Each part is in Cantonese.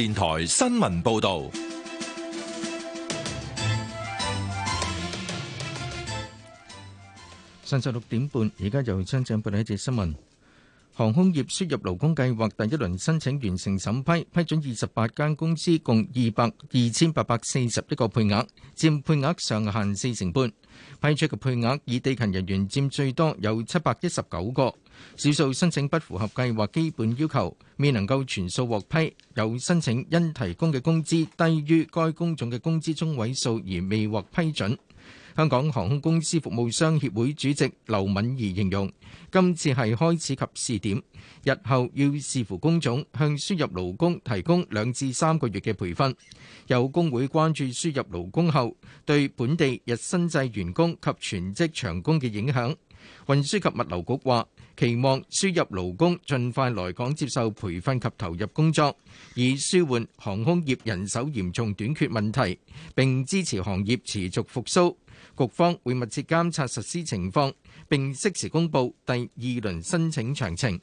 電台新聞報道，晨早六點半，而家又將請報一節新聞。航空業輸入勞工計劃第一輪申請完成審批，批准二十八間公司，共二百二千八百四十一個配額，佔配額上限四成半。批出嘅配額以地勤人員佔最多，有七百一十九個。少數申請不符合計劃基本要求，未能夠全數獲批；有申請因提供嘅工資低於該工種嘅工資中位數而未獲批准。香港航空公司服務商協會主席劉敏儀形容今次係開始及試點，日後要視乎工種向輸入勞工提供兩至三個月嘅培訓。有工會關注輸入勞工後對本地日薪制員工及全職長工嘅影響。運輸及物流局話。期望輸入勞工盡快來港接受培訓及投入工作，以舒緩航空業人手嚴重短缺問題，並支持行業持續復甦。局方會密切監察實施情況，並適時公佈第二輪申請詳情。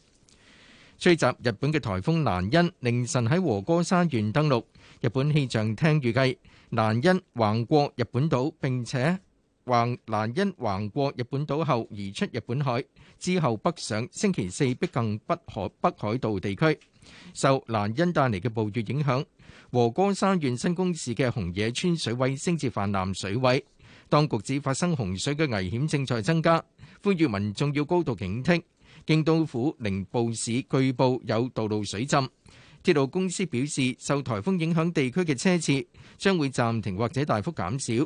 吹襲日本嘅颱風蘭恩凌晨喺和歌山縣登陸，日本氣象廳預計蘭恩橫過日本島，並且。橫蘭恩橫過日本島後移出日本海，之後北上，星期四逼近北海北海道地區。受蘭恩帶嚟嘅暴雨影響，和歌山縣新宮市嘅熊野川水位升至泛濫水位。當局指發生洪水嘅危險正在增加，呼籲民眾要高度警惕。京都府綾部市據報有道路水浸，鐵路公司表示受颱風影響地區嘅車次將會暫停或者大幅減少。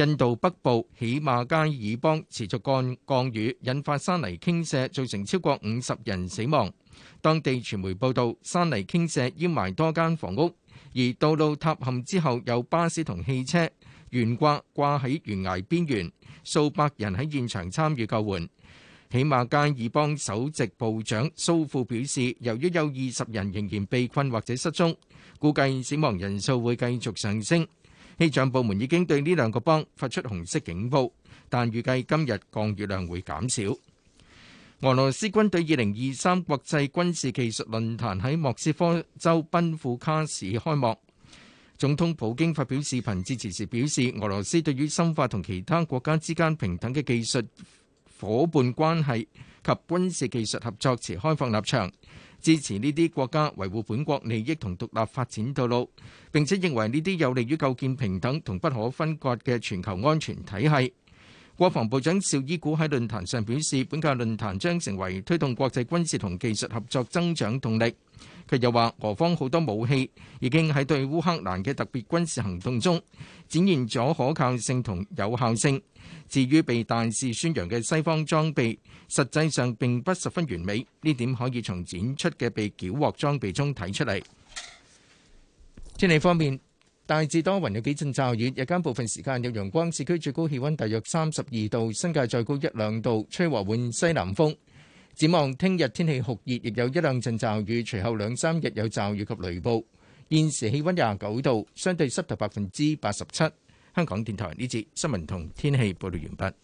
印度北部喜馬嘉爾邦持續降降雨，引發山泥傾瀉，造成超過五十人死亡。當地傳媒報道，山泥傾瀉淹埋多間房屋，而道路塌陷之後，有巴士同汽車懸掛掛喺懸崖邊緣。數百人喺現場參與救援。喜馬嘉爾邦首席部長蘇富表示，由於有二十人仍然被困或者失蹤，估計死亡人數會繼續上升。氣象部門已經對呢兩個邦發出紅色警報，但預計今日降雨量會減少。俄羅斯軍隊二零二三國際軍事技術論壇喺莫斯科州庫賓卡市開幕，總統普京發表視頻致辭時表示，俄羅斯對於深化同其他國家之間平等嘅技術夥伴關係及軍事技術合作持開放立場，支持呢啲國家維護本國利益同獨立發展道路。並且認為呢啲有利於構建平等同不可分割嘅全球安全體系。國防部長邵伊古喺論壇上表示，本屆論壇將成為推動國際軍事同技術合作增長動力。佢又話，俄方好多武器已經喺對烏克蘭嘅特別軍事行動中展現咗可靠性同有效性。至於被大肆宣揚嘅西方裝備，實際上並不十分完美，呢點可以從展出嘅被繳獲裝備中睇出嚟。天氣方面，大致多雲有幾陣驟雨，日間部分時間有陽光，市區最高氣温大約三十二度，新界再高一兩度，吹和緩西南風。展望聽日天氣酷熱，亦有一兩陣驟雨，隨後兩三日有驟雨及雷暴。現時氣温廿九度，相對濕度百分之八十七。香港電台呢節新聞同天氣報道完畢。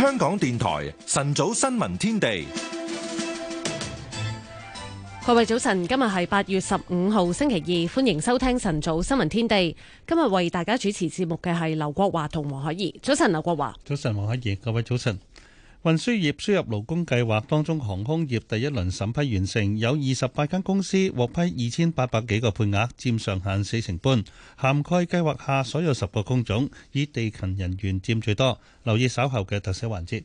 香港電台晨早新聞天地，各位早晨，今日係八月十五號星期二，歡迎收聽晨早新聞天地。今日為大家主持節目嘅係劉國華同黃海怡。早晨，劉國華。早晨，黃海怡。各位早晨。運輸業輸入勞工計劃當中，航空業第一輪審批完成，有二十八間公司獲批二千八百幾個配額，佔上限四成半，涵蓋計劃下所有十個工種，以地勤人員佔最多。留意稍後嘅特色環節。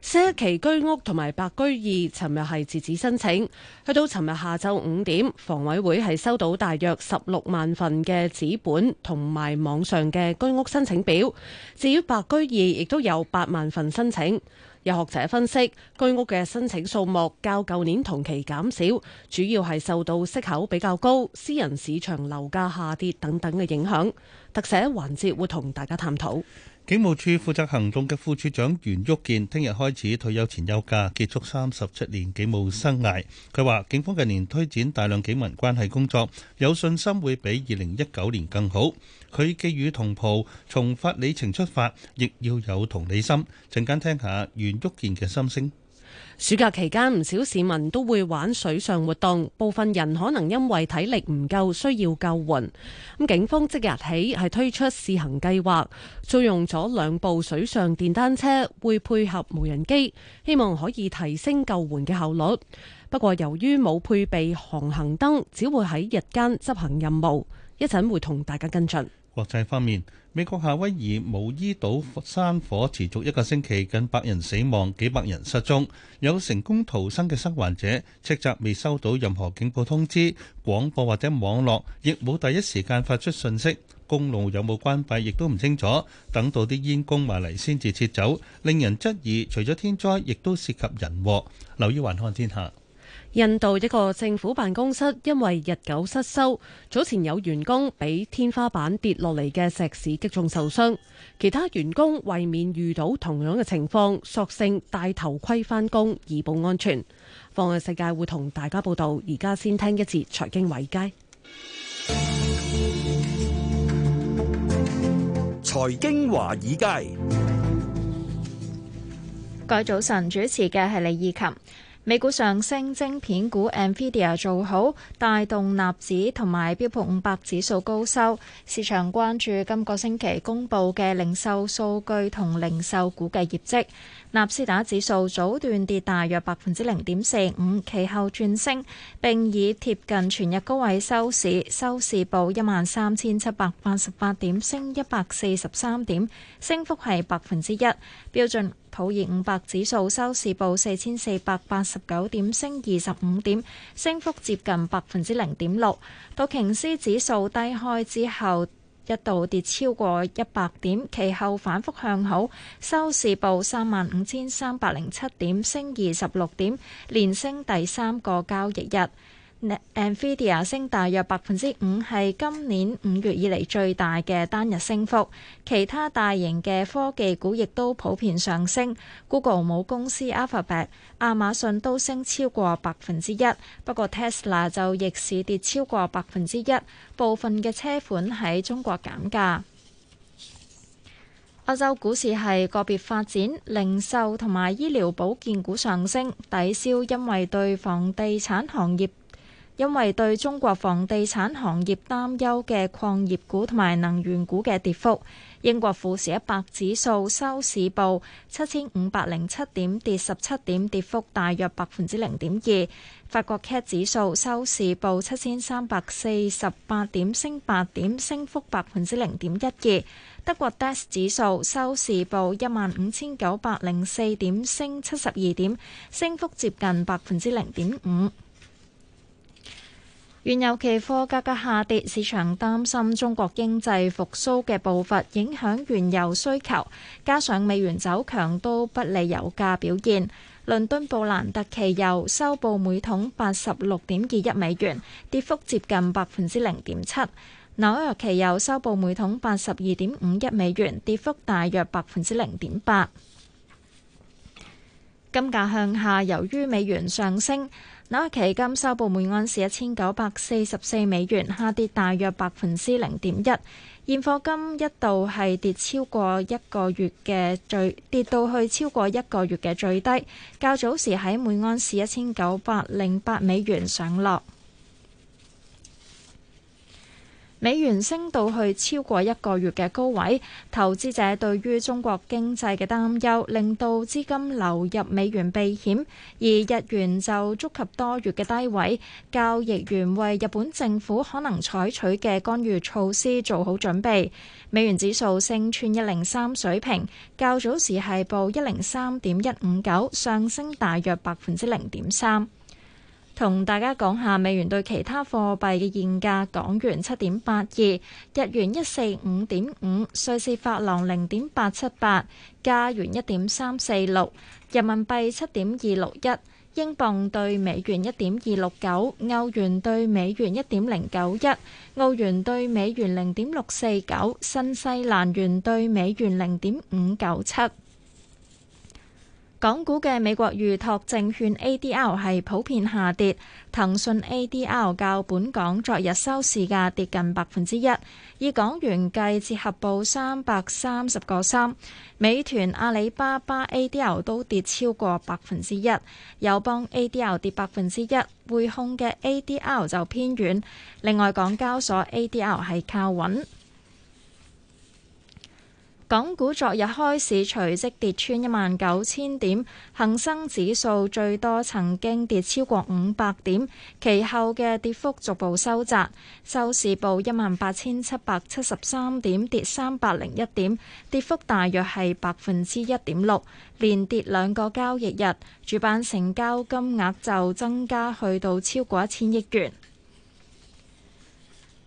新一期居屋同埋白居二尋日係截止申請，去到尋日下晝五點，房委會係收到大約十六萬份嘅紙本同埋網上嘅居屋申請表。至於白居二亦都有八萬份申請。有學者分析，居屋嘅申請數目較舊年同期減少，主要係受到息口比較高、私人市場樓價下跌等等嘅影響。特寫環節會同大家探討。警務處負責行動嘅副處長袁旭健聽日開始退休前休假，結束三十七年警務生涯。佢話警方近年推展大量警民關係工作，有信心會比二零一九年更好。佢寄語同袍：從法理情出發，亦要有同理心。陣間聽下袁旭健嘅心聲。暑假期間唔少市民都會玩水上活動，部分人可能因為體力唔夠，需要救援。咁警方即日起係推出試行計劃，租用咗兩部水上電單車，會配合無人機，希望可以提升救援嘅效率。不過由於冇配備航行燈，只會喺日間執行任務。一陣會同大家跟進。國際方面，美國夏威夷毛伊島山火持續一個星期，近百人死亡，幾百人失蹤。有成功逃生嘅生還者斥責未收到任何警報通知，廣播或者網絡亦冇第一時間發出信息，公路有冇關閉亦都唔清楚。等到啲煙攻埋嚟先至撤走，令人質疑。除咗天災，亦都涉及人禍。留意環看天下。印度一個政府辦公室因為日久失修，早前有員工俾天花板跌落嚟嘅石屎擊中受傷，其他員工為免遇到同樣嘅情況，索性戴頭盔返工以保安全。放眼世界會同大家報道，而家先聽一節財經偉佳。財經華爾街，各位早晨，主持嘅係李義琴。美股上升，晶片股 Nvidia 做好，帶動納指同埋標普五百指數高收。市場關注今個星期公佈嘅零售數據同零售股嘅業績。納斯達指數早段跌大約百分之零點四五，其後轉升並以貼近全日高位收市，收市報一萬三千七百八十八點，升一百四十三點，升幅係百分之一。標準普爾五百指數收市報四千四百八十九點，升二十五點，升幅接近百分之零點六。道瓊斯指數低開之後。一度跌超過一百點，其後反覆向好，收市報三萬五千三百零七點，升二十六點，連升第三個交易日。NVIDIA 升大約百分之五，係今年五月以嚟最大嘅單日升幅。其他大型嘅科技股亦都普遍上升。Google 母公司 Alphabet、亞馬遜都升超過百分之一，不過 Tesla 就逆市跌超過百分之一。部分嘅車款喺中國減價。歐洲股市係個別發展，零售同埋醫療保健股上升抵消，因為對房地產行業。因為對中國房地產行業擔憂嘅礦業股同埋能源股嘅跌幅，英國富時一百指數收市報七千五百零七點，跌十七點，跌幅大約百分之零點二。法國 CAC 指數收市報七千三百四十八點，升八點，升幅百分之零點一二。德國 DAX 指數收市報一萬五千九百零四點，升七十二點，升幅接近百分之零點五。原油期貨價格下跌，市場擔心中國經濟復蘇嘅步伐影響原油需求，加上美元走強都不利油價表現。倫敦布蘭特期油收報每桶八十六點二一美元，跌幅接近百分之零點七；紐約期油收報每桶八十二點五一美元，跌幅大約百分之零點八。金價向下，由於美元上升。紐約期金收報每盎司一千九百四十四美元，下跌大約百分之零點一。現貨金一度係跌超過一個月嘅最，跌到去超過一個月嘅最低，較早時喺每盎司一千九百零八美元上落。美元升到去超過一個月嘅高位，投資者對於中國經濟嘅擔憂令到資金流入美元避險，而日元就觸及多月嘅低位，交易員為日本政府可能採取嘅干預措施做好準備。美元指數升穿一零三水平，較早時係報一零三點一五九，上升大約百分之零點三。同大家講下美元對其他貨幣嘅現價：港元七點八二，日元一四五點五，瑞士法郎零點八七八，加元一點三四六，人民幣七點二六一，英鎊對美元一點二六九，歐元對美元一點零九一，澳元對美元零點六四九，新西蘭元對美元零點五九七。港股嘅美國預託證券 ADR 係普遍下跌，騰訊 ADR 較本港昨日收市價跌近百分之一，以港元計折合報三百三十個三。美團、阿里巴巴 ADR 都跌超過百分之一，友邦 ADR 跌百分之一，匯控嘅 ADR 就偏軟。另外，港交所 ADR 係靠穩。港股昨日開市隨即跌穿一萬九千點，恒生指數最多曾經跌超過五百點，其後嘅跌幅逐步收窄，收市報一萬八千七百七十三點，跌三百零一點，跌幅大約係百分之一點六，連跌兩個交易日。主板成交金額就增加去到超過一千億元。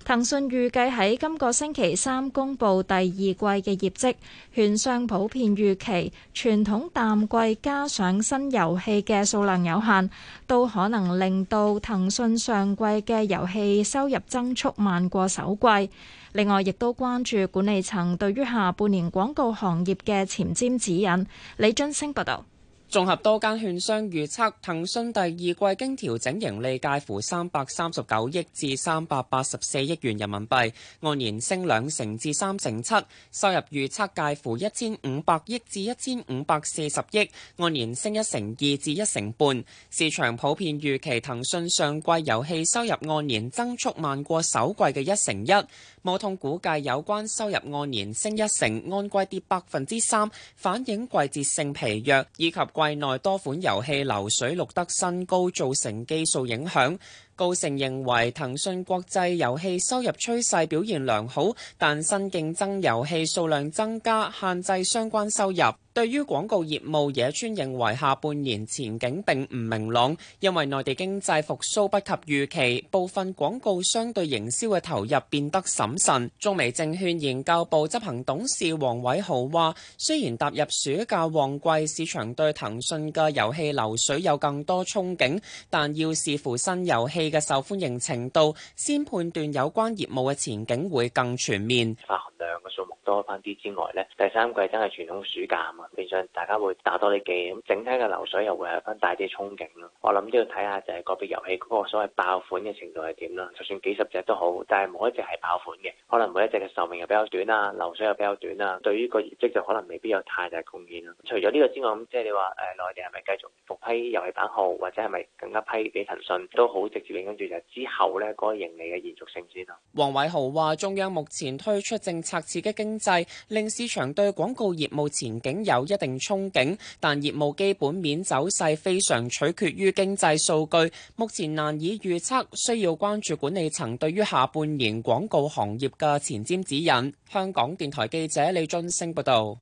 騰訊預計喺今個星期三公布第二季嘅業績，券商普遍預期傳統淡季加上新遊戲嘅數量有限，都可能令到騰訊上季嘅遊戲收入增速慢過首季。另外，亦都關注管理層對於下半年廣告行業嘅前瞻指引。李津星報道。綜合多間券商預測，騰訊第二季經調整盈利介乎三百三十九億至三百八十四億元人民幣，按年升兩成至三成七；收入預測介乎一千五百億至一千五百四十億，按年升一成二至一成半。市場普遍預期騰訊上季遊戲收入按年增速慢過首季嘅一成一。摩通估計有關收入按年升一成，按季跌百分之三，反映季節性疲弱以及季內多款遊戲流水錄得新高，造成基數影響。高盛認為騰訊國際遊戲收入趨勢表現良好，但新競爭遊戲數量增加限制相關收入。對於廣告業務，野村認為下半年前景並唔明朗，因為內地經濟復蘇不及預期，部分廣告商對營銷嘅投入變得審慎。中美證券研究部執行董事黃偉豪話，雖然踏入暑假旺季，市場對騰訊嘅遊戲流水有更多憧憬，但要視乎新遊戲。嘅受歡迎程度先判斷有關業務嘅前景會更全面，發行量嘅數目多翻啲之外咧，第三季真係傳統暑假啊嘛，變相大家會打多啲機，咁整體嘅流水又會有翻大啲憧憬咯。我諗都要睇下就係個別遊戲嗰個所謂爆款嘅程度係點咯，就算幾十隻都好，但係冇一隻係爆款嘅，可能每一隻嘅壽命又比較短喇，流水又比較短喇，對於個業績就可能未必有太大貢獻喇。除咗呢個之外，咁即係你話誒內地係咪繼續復批遊戲版號，或者係咪更加批俾騰訊都好直接？跟住就之後呢嗰個盈利嘅延續性先啦。黃偉豪話中央目前推出政策刺激經濟，令市場對廣告業務前景有一定憧憬，但業務基本面走勢非常取決於經濟數據，目前難以預測，需要關注管理層對於下半年廣告行業嘅前瞻指引。香港電台記者李俊升報道。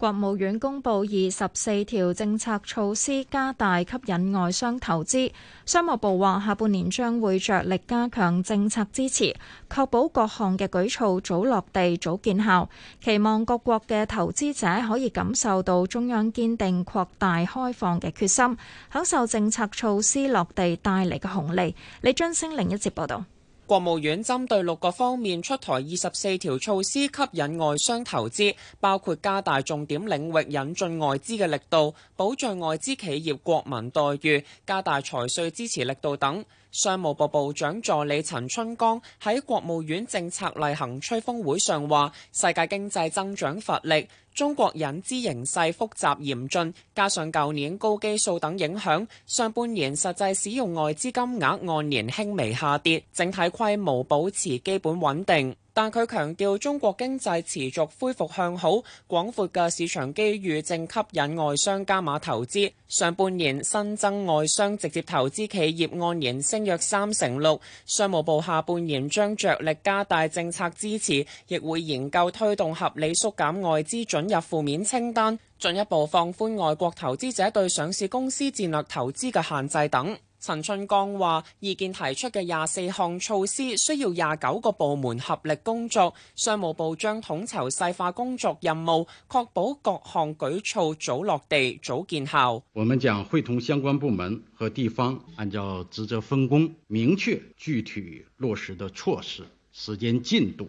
國務院公布二十四條政策措施，加大吸引外商投資。商務部話，下半年將會着力加強政策支持，確保各項嘅舉措早落地、早見效，期望各國嘅投資者可以感受到中央堅定擴大開放嘅決心，享受政策措施落地帶嚟嘅紅利。李津星另一節報道。國務院針對六個方面出台二十四條措施吸引外商投資，包括加大重點領域引進外資嘅力度、保障外資企業國民待遇、加大財稅支持力度等。商務部部長助理陳春光喺國務院政策例行吹風會上話，世界經濟增長乏力。中國引資形勢複雜嚴峻，加上舊年高基數等影響，上半年實際使用外資金額按年輕微下跌，整體規模保持基本穩定。但佢強調，中國經濟持續恢復向好，廣闊嘅市場機遇正吸引外商加碼投資。上半年新增外商直接投資企業按年升約三成六。商務部下半年將着力加大政策支持，亦會研究推動合理縮減外資准准入負面清單，進一步放寬外國投資者對上市公司戰略投資嘅限制等。陳春江話：意見提出嘅廿四項措施，需要廿九個部門合力工作。商務部將統籌細化工作任務，確保各項舉措早落地、早見效。我們將會同相關部門和地方，按照職責分工，明確具體落實的措施、時間進度。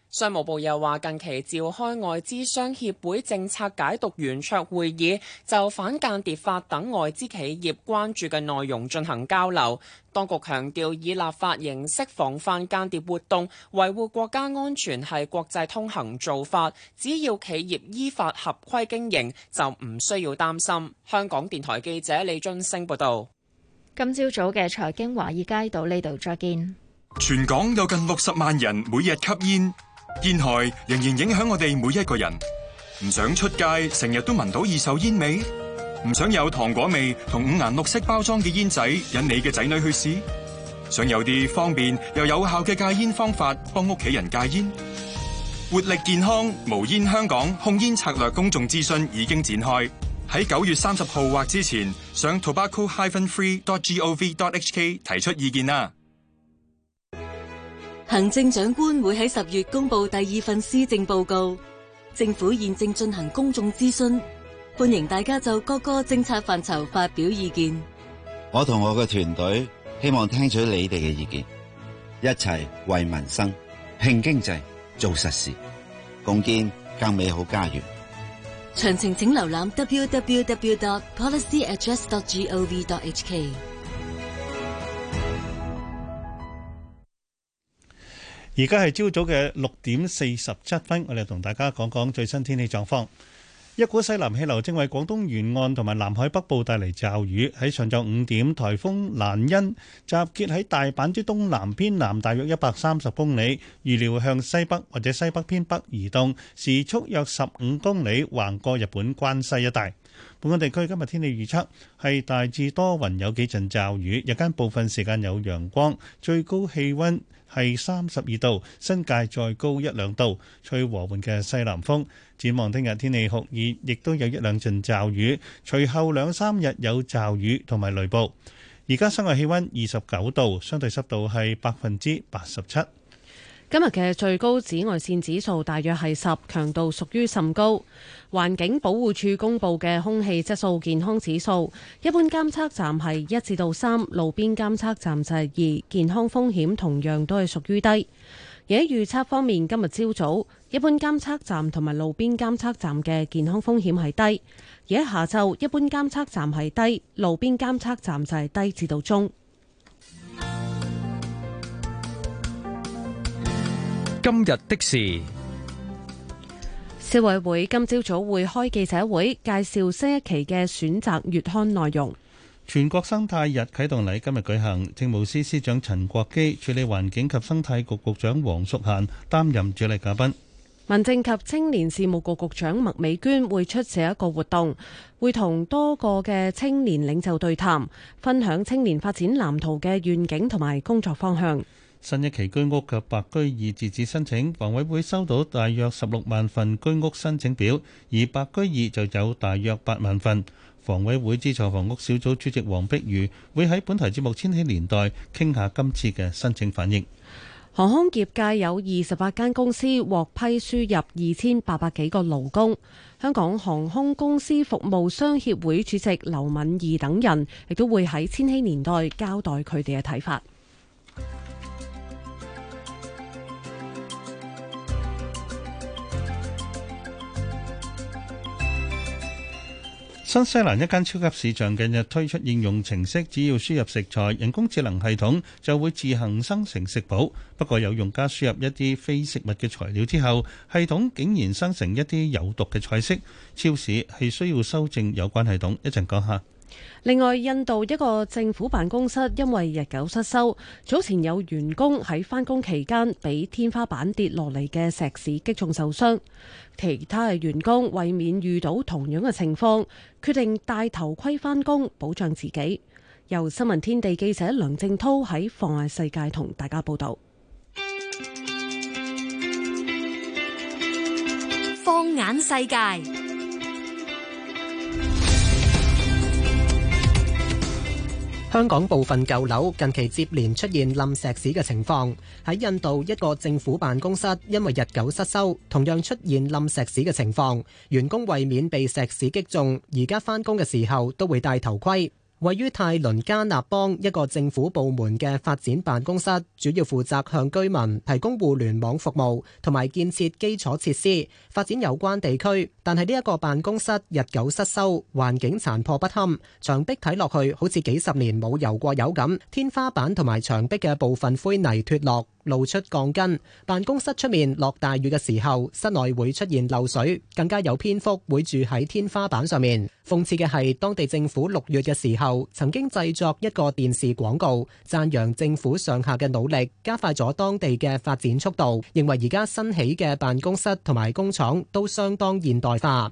商務部又話，近期召開外資商協會政策解讀圓桌會議，就反間諜法等外資企業關注嘅內容進行交流。當局強調，以立法形式防範間諜活動、維護國家安全係國際通行做法，只要企業依法合規經營，就唔需要擔心。香港電台記者李俊升報道。今朝早嘅財經華爾街到呢度再見。全港有近六十萬人每日吸煙。煙害仍然影響我哋每一個人，唔想出街成日都聞到二手煙味，唔想有糖果味同五顏六色包裝嘅煙仔引你嘅仔女去試，想有啲方便又有效嘅戒煙方法幫屋企人戒煙。活力健康無煙香港控煙策略公眾諮詢已經展開，喺九月三十號或之前上 tobacco hyphen free dot gov dot hk 提出意見啦。行政長官會喺十月公布第二份施政報告，政府現正進行公眾諮詢，歡迎大家就各個政策範疇發表意見。我同我嘅團隊希望聽取你哋嘅意見，一齊為民生、拼經濟、做實事，共建更美好家園。詳情請瀏覽 www.policyaddress.gov.hk。而家係朝早嘅六點四十七分，我哋同大家講講最新天氣狀況。一股西南氣流正為廣東沿岸同埋南海北部帶嚟驟雨。喺上晝五點，台風蘭恩集結喺大阪之東南偏南大約一百三十公里，預料向西北或者西北偏北移動，時速約十五公里，橫過日本關西一帶。本港地區今日天氣預測係大致多雲，有幾陣驟雨，日間部分時間有陽光，最高氣溫係三十二度，新界再高一兩度，吹和緩嘅西南風。展望聽日天氣酷熱，亦都有一兩陣驟雨，隨後兩三日有驟雨同埋雷暴。而家室外氣溫二十九度，相對濕度係百分之八十七。今日嘅最高紫外線指數大約係十，強度屬於甚高。環境保護署公布嘅空氣質素健康指數，一般監測站係一至到三，路邊監測站就係二，健康風險同樣都係屬於低。而喺預測方面，今日朝早，一般監測站同埋路邊監測站嘅健康風險係低；而喺下晝，一般監測站係低，路邊監測站就係低至到中。今日的事，消委會今朝早會開記者會，介紹新一期嘅選擇月刊內容。全國生態日啟動禮今日舉行，政務司司長陳國基、處理環境及生態局局長黃淑嫻擔任主禮嘉賓。民政及青年事務局局長麥美娟會出席一個活動，會同多個嘅青年領袖對談，分享青年發展藍圖嘅願景同埋工作方向。新一期居屋嘅白居二截止申請，房委會收到大約十六萬份居屋申請表，而白居二就有大約八萬份。房委會資助房屋小組主席黃碧如會喺本台節目《千禧年代》傾下今次嘅申請反應。航空業界有二十八間公司獲批輸入二千八百幾個勞工，香港航空公司服務商協會主席劉敏儀等人亦都會喺《千禧年代》交代佢哋嘅睇法。新西蘭一間超級市場近日推出應用程式，只要輸入食材，人工智能系統就會自行生成食譜。不過，有用家輸入一啲非食物嘅材料之後，系統竟然生成一啲有毒嘅菜式。超市係需要修正有關系統，一陣講下。另外，印度一個政府辦公室因為日久失修，早前有員工喺返工期間俾天花板跌落嚟嘅石屎擊中受傷，其他嘅員工為免遇到同樣嘅情況，決定戴頭盔返工，保障自己。由新聞天地記者梁正濤喺放眼世界同大家報道。放眼世界。香港部分舊樓近期接連出現冧石屎嘅情況，喺印度一個政府辦公室，因為日久失修，同樣出現冧石屎嘅情況，員工為免被石屎擊中，而家返工嘅時候都會戴頭盔。位於泰倫加納邦一個政府部門嘅發展辦公室，主要負責向居民提供互聯網服務同埋建設基礎設施，發展有關地區。但係呢一個辦公室日久失修，環境殘破不堪，牆壁睇落去好似幾十年冇油過油咁，天花板同埋牆壁嘅部分灰泥脫落。露出鋼筋，辦公室出面落大雨嘅時候，室內會出現漏水，更加有蝙蝠會住喺天花板上面。諷刺嘅係，當地政府六月嘅時候曾經製作一個電視廣告，讚揚政府上下嘅努力，加快咗當地嘅發展速度，認為而家新起嘅辦公室同埋工廠都相當現代化。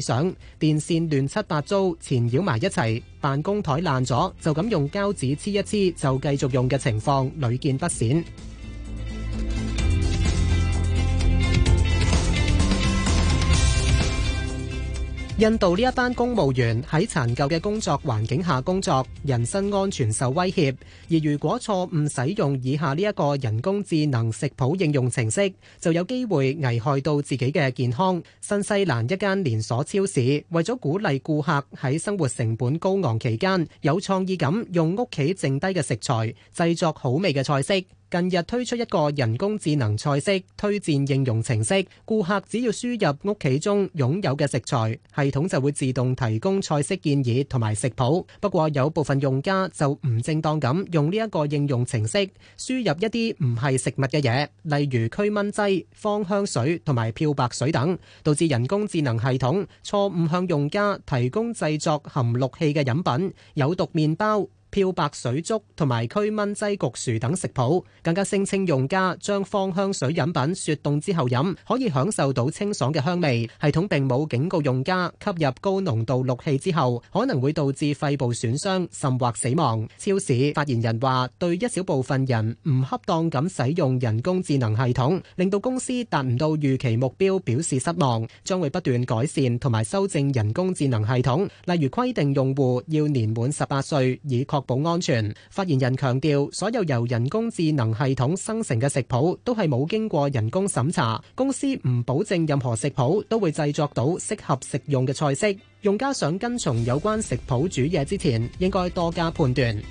想電線亂七八糟纏繞埋一齊，辦公枱爛咗就咁用膠紙黐一黐就繼續用嘅情況屢見不鮮。印度呢一班公務員喺殘舊嘅工作環境下工作，人身安全受威脅。而如果錯誤使用以下呢一個人工智能食譜應用程式，就有機會危害到自己嘅健康。新西蘭一間連鎖超市為咗鼓勵顧客喺生活成本高昂期間，有創意咁用屋企剩低嘅食材製作好味嘅菜式。近日推出一個人工智能菜式推薦應用程式，顧客只要輸入屋企中擁有嘅食材，系統就會自動提供菜式建議同埋食譜。不過有部分用家就唔正當咁用呢一個應用程式，輸入一啲唔係食物嘅嘢，例如驅蚊劑、芳香水同埋漂白水等，導致人工智能系統錯誤向用家提供製作含氯氣嘅飲品、有毒麵包、漂白水、粥同埋驅蚊劑焗薯等食譜，更加聲稱用家將芳香水飲品雪凍之後飲，可以享受到清爽嘅香味。系統並冇警告用家吸入高濃度氯氣之後，可能會導致肺部損傷甚或死亡。超市發言人話：對一小部分人唔恰當咁使用人工智能系統，令到公司達唔到預期目標，表示失望。將會不斷改善同埋修正人工智能系統，例如規定用戶要年滿十八歲，以確確保安全。發言人強調，所有由人工智能系統生成嘅食譜都係冇經過人工審查，公司唔保證任何食譜都會製作到適合食用嘅菜式。用家想跟從有關食譜煮嘢之前，應該多加判斷。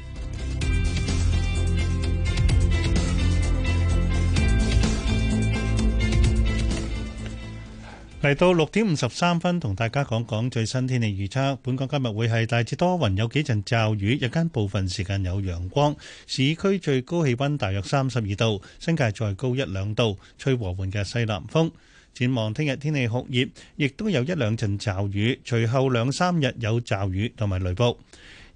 嚟到六點五十三分，同大家講講最新天氣預測。本港今日會係大致多雲，有幾陣驟雨，日間部分時間有陽光。市區最高氣溫大約三十二度，新界再高一兩度，吹和緩嘅西南風。展望聽日天氣酷熱，亦都有一兩陣驟雨，隨後兩三日有驟雨同埋雷暴。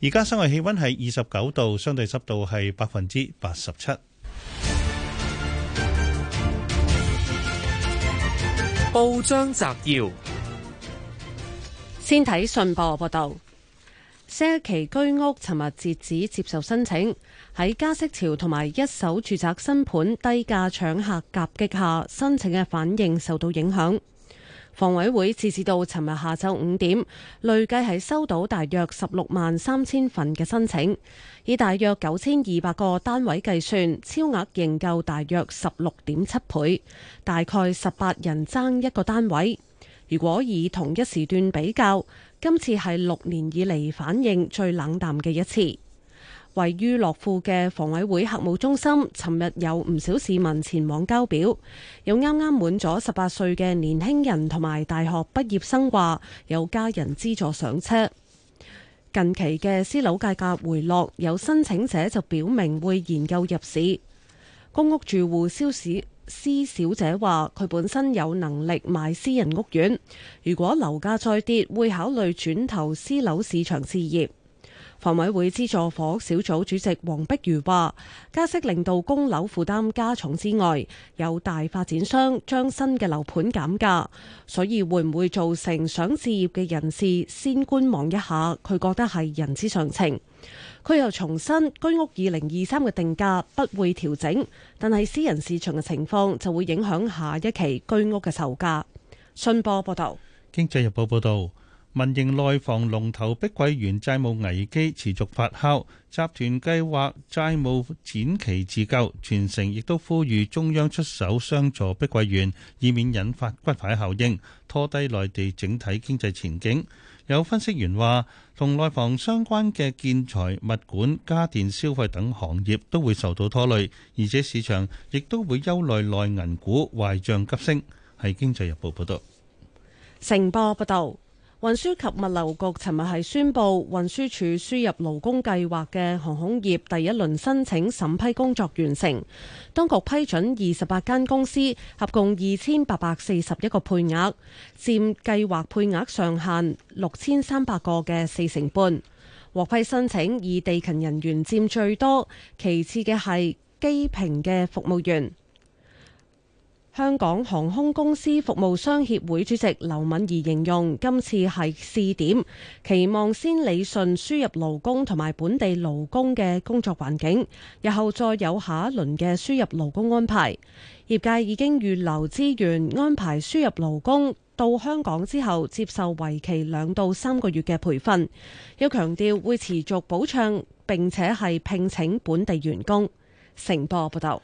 而家室外氣溫係二十九度，相對濕度係百分之八十七。報章摘要，先睇信報報道，新一期居屋尋日截止接受申請，喺加息潮同埋一手住宅新盤低價搶客夾擊下，申請嘅反應受到影響。房委會截至到尋日下晝五點，累計係收到大約十六萬三千份嘅申請，以大約九千二百個單位計算，超額認購大約十六點七倍，大概十八人爭一個單位。如果以同一時段比較，今次係六年以嚟反應最冷淡嘅一次。位於樂富嘅房委會客務中心，尋日有唔少市民前往交表，有啱啱滿咗十八歲嘅年輕人同埋大學畢業生話有家人資助上車。近期嘅私樓價格回落，有申請者就表明會研究入市。公屋住戶蕭市施小姐話，佢本身有能力買私人屋苑，如果樓價再跌，會考慮轉投私樓市場置業。房委會資助房屋小組主席黃碧如話：加息令到供樓負擔加重之外，有大發展商將新嘅樓盤減價，所以會唔會造成想置業嘅人士先觀望一下？佢覺得係人之常情。佢又重申居屋二零二三嘅定價不會調整，但係私人市場嘅情況就會影響下一期居屋嘅售價。信報報道，《經濟日報》報道。民營內房龍頭碧桂園債務危機持續發酵，集團計劃債務展期自救，全城亦都呼籲中央出手相助碧桂園，以免引發骨牌效應，拖低內地整體經濟前景。有分析員話，同內房相關嘅建材、物管、家電消費等行業都會受到拖累，而且市場亦都會憂慮內銀股壞賬急升。係《經濟日報》報道，成波報道。運輸及物流局尋日係宣布，運輸署輸入勞工計劃嘅航空業第一輪申請審批工作完成，當局批准二十八間公司，合共二千八百四十一個配額，佔計劃配額上限六千三百個嘅四成半。獲批申請以地勤人員佔最多，其次嘅係機坪嘅服務員。香港航空公司服務商協會主席劉敏儀形容，今次係試點，期望先理順輸入勞工同埋本地勞工嘅工作環境，日後再有下一輪嘅輸入勞工安排。業界已經預留資源安排輸入勞工到香港之後接受為期兩到三個月嘅培訓，要強調會持續保障，並且係聘請本地員工。成播報道。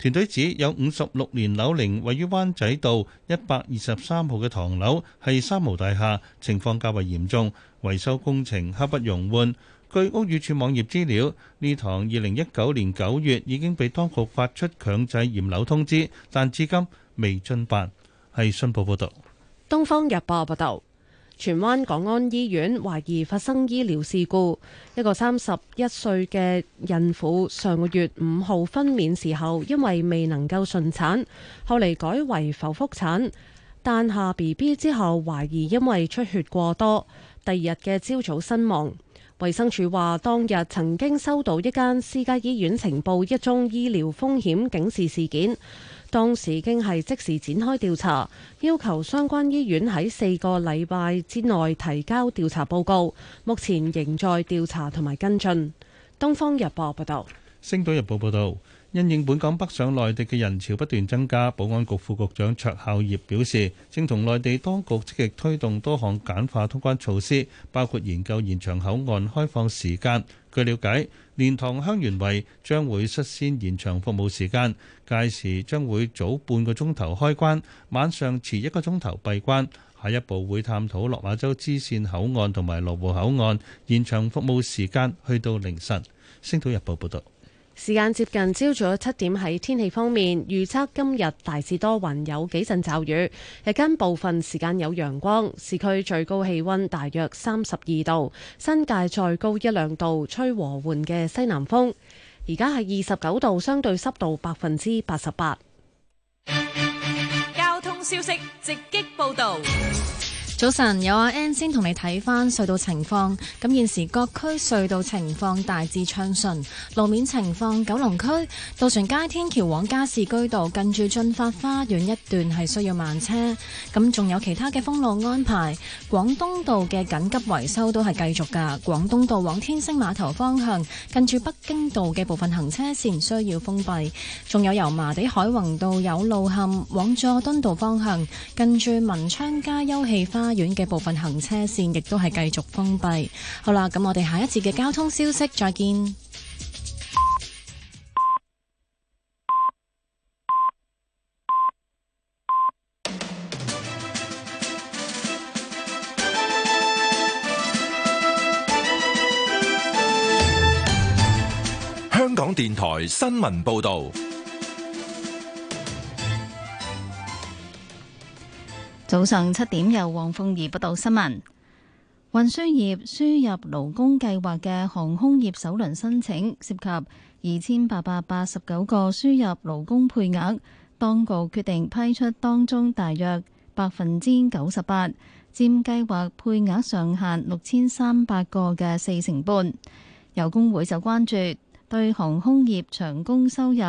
團隊指有五十六年樓齡，位於灣仔道一百二十三號嘅唐樓係三無大廈，情況較為嚴重，維修工程刻不容緩。據屋宇署網頁資料，呢幢二零一九年九月已經被當局發出強制驗樓通知，但至今未進辦。係信報報導，《東方日報》報道。荃灣港安醫院懷疑發生醫療事故，一個三十一歲嘅孕婦上個月五號分娩時候，因為未能夠順產，後嚟改為剖腹產，誕下 BB 之後，懷疑因為出血過多，第二日嘅朝早身亡。衛生署話，當日曾經收到一間私家醫院呈報一宗醫療風險警示事件。當時已經係即時展開調查，要求相關醫院喺四個禮拜之內提交調查報告。目前仍在調查同埋跟進。《東方日報》報道，《星島日報》報道，因應本港北上內地嘅人潮不斷增加，保安局副局長卓孝業表示，正同內地當局積極推動多項簡化通關措施，包括研究延長口岸開放時間。據了解，蓮塘香園圍將會率先延長服務時間，屆時將會早半個鐘頭開關，晚上遲一個鐘頭閉關。下一步會探討落馬洲支線口岸同埋羅湖口岸延長服務時間，去到凌晨。星島日報報導。時間接近朝早七點，喺天氣方面，預測今日大致多雲，有幾陣驟雨。日間部分時間有陽光，市區最高氣溫大約三十二度，新界再高一兩度，吹和緩嘅西南風。而家係二十九度，相對濕度百分之八十八。交通消息直擊報道。早晨，有阿 N 先同你睇翻隧道情況。咁現時各區隧道情況大致暢順，路面情況。九龍區渡船街天橋往加士居道近住進發花園一段係需要慢車。咁仲有其他嘅封路安排。廣東道嘅緊急維修都係繼續㗎。廣東道往天星碼頭方向近住北京道嘅部分行車線需要封閉。仲有油麻地海泓道有路陷往佐敦道方向近住文昌嘉休憩花醫院嘅部分行車線亦都係繼續封閉。好啦，咁我哋下一次嘅交通消息，再見。香港電台新聞報道。早上七點由黃鳳儀報道新聞。運輸業輸入勞工計劃嘅航空業首輪申請涉及二千八百八十九個輸入勞工配額，當局決定批出當中大約百分之九十八，佔計劃配額上限六千三百個嘅四成半。有工會就關注對航空業長工收入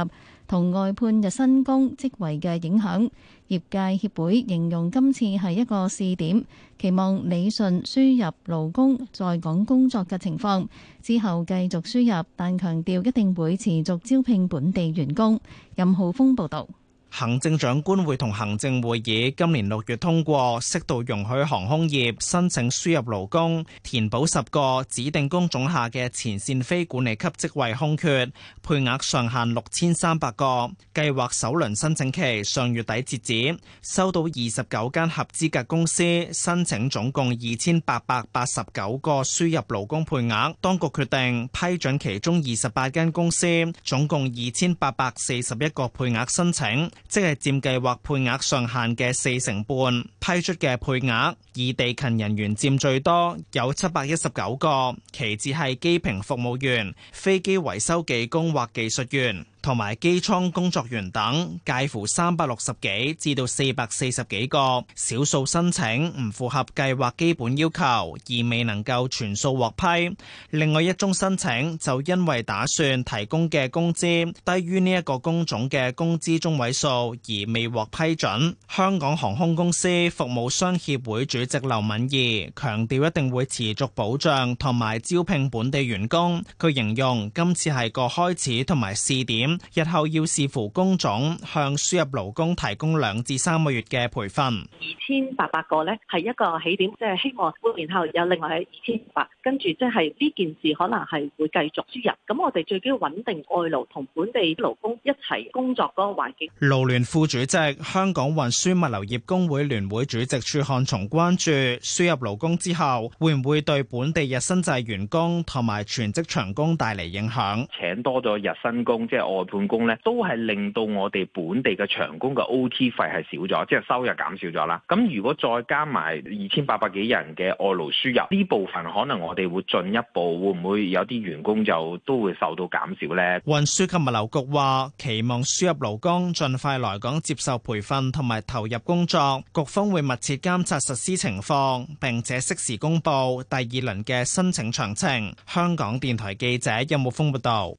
同外判日薪工職位嘅影響。業界協會形容今次係一個試點，期望理順輸入勞工在港工作嘅情況，之後繼續輸入，但強調一定會持續招聘本地員工。任浩峰報導。行政長官會同行政會議今年六月通過，適度容許航空業申請輸入勞工，填補十個指定工種下嘅前線非管理級職位空缺，配額上限六千三百個。計劃首輪申請期上月底截止，收到二十九間合資格公司申請，總共二千八百八十九個輸入勞工配額。當局決定批准其中二十八間公司，總共二千八百四十一個配額申請。即係佔計劃配額上限嘅四成半，批出嘅配額，以地勤人員佔最多，有七百一十九個，其次係機坪服務員、飛機維修技工或技術員。同埋機艙工作員等，介乎三百六十幾至到四百四十幾個，少數申請唔符合計劃基本要求而未能夠全數獲批。另外一宗申請就因為打算提供嘅工資低於呢一個工種嘅工資中位數而未獲批准。香港航空公司服務商協會主席劉敏儀強調，一定會持續保障同埋招聘本地員工。佢形容今次係個開始同埋試點。日後要視乎工種，向輸入勞工提供兩至三個月嘅培訓。二千八百個咧係一個起點，即係希望半年後有另外喺二千八，跟住即係呢件事可能係會繼續輸入。咁我哋最緊要穩定外勞同本地勞工一齊工作嗰個環境。勞聯副主席、香港運輸物流業工會聯會主席處漢松關注輸入勞工之後，會唔會對本地日薪制員工同埋全職長工帶嚟影響？請多咗日薪工，即係我。半工咧，都係令到我哋本地嘅長工嘅 OT 費係少咗，即係收入減少咗啦。咁如果再加埋二千八百幾人嘅外勞輸入，呢部分可能我哋會進一步，會唔會有啲員工就都會受到減少呢？運輸及物流局話，期望輸入勞工盡快來港接受培訓同埋投入工作，局方會密切監察實施情況，並且適時公布第二輪嘅申請詳情。香港電台記者任木峯報道。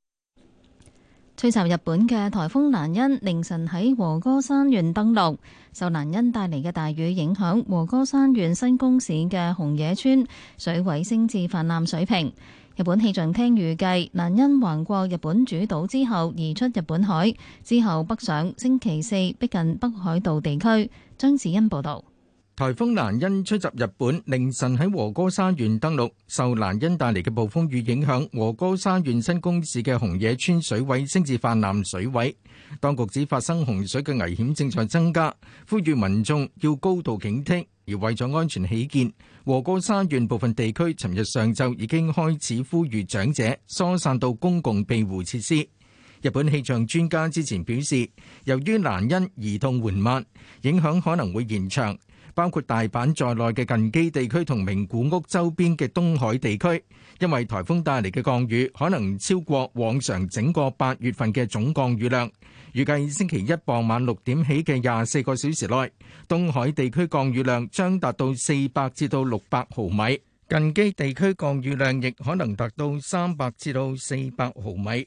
吹襲日本嘅颱風蘭恩，凌晨喺和歌山縣登陸。受蘭恩帶嚟嘅大雨影響，和歌山縣新宮市嘅紅野村水位升至泛濫水平。日本氣象廳預計，蘭恩橫過日本主島之後，移出日本海，之後北上，星期四逼近北海道地區。張子欣報道。颱風蘭恩出襲日本，凌晨喺和歌山縣登陸。受蘭恩帶嚟嘅暴風雨影響，和歌山縣新宮市嘅熊野川水位升至泛濫水位。當局指發生洪水嘅危險正在增加，呼籲民眾要高度警惕。而為咗安全起見，和歌山縣部分地區尋日上晝已經開始呼籲長者疏散到公共庇護設施。日本氣象專家之前表示，由於蘭恩移動緩慢，影響可能會延長。包括大阪在內嘅近畿地區同名古屋周邊嘅東海地區，因為台風帶嚟嘅降雨可能超過往常整個八月份嘅總降雨量。預計星期一傍晚六點起嘅廿四個小時內，東海地區降雨量將達到四百至到六百毫米，近畿地區降雨量亦可能達到三百至到四百毫米。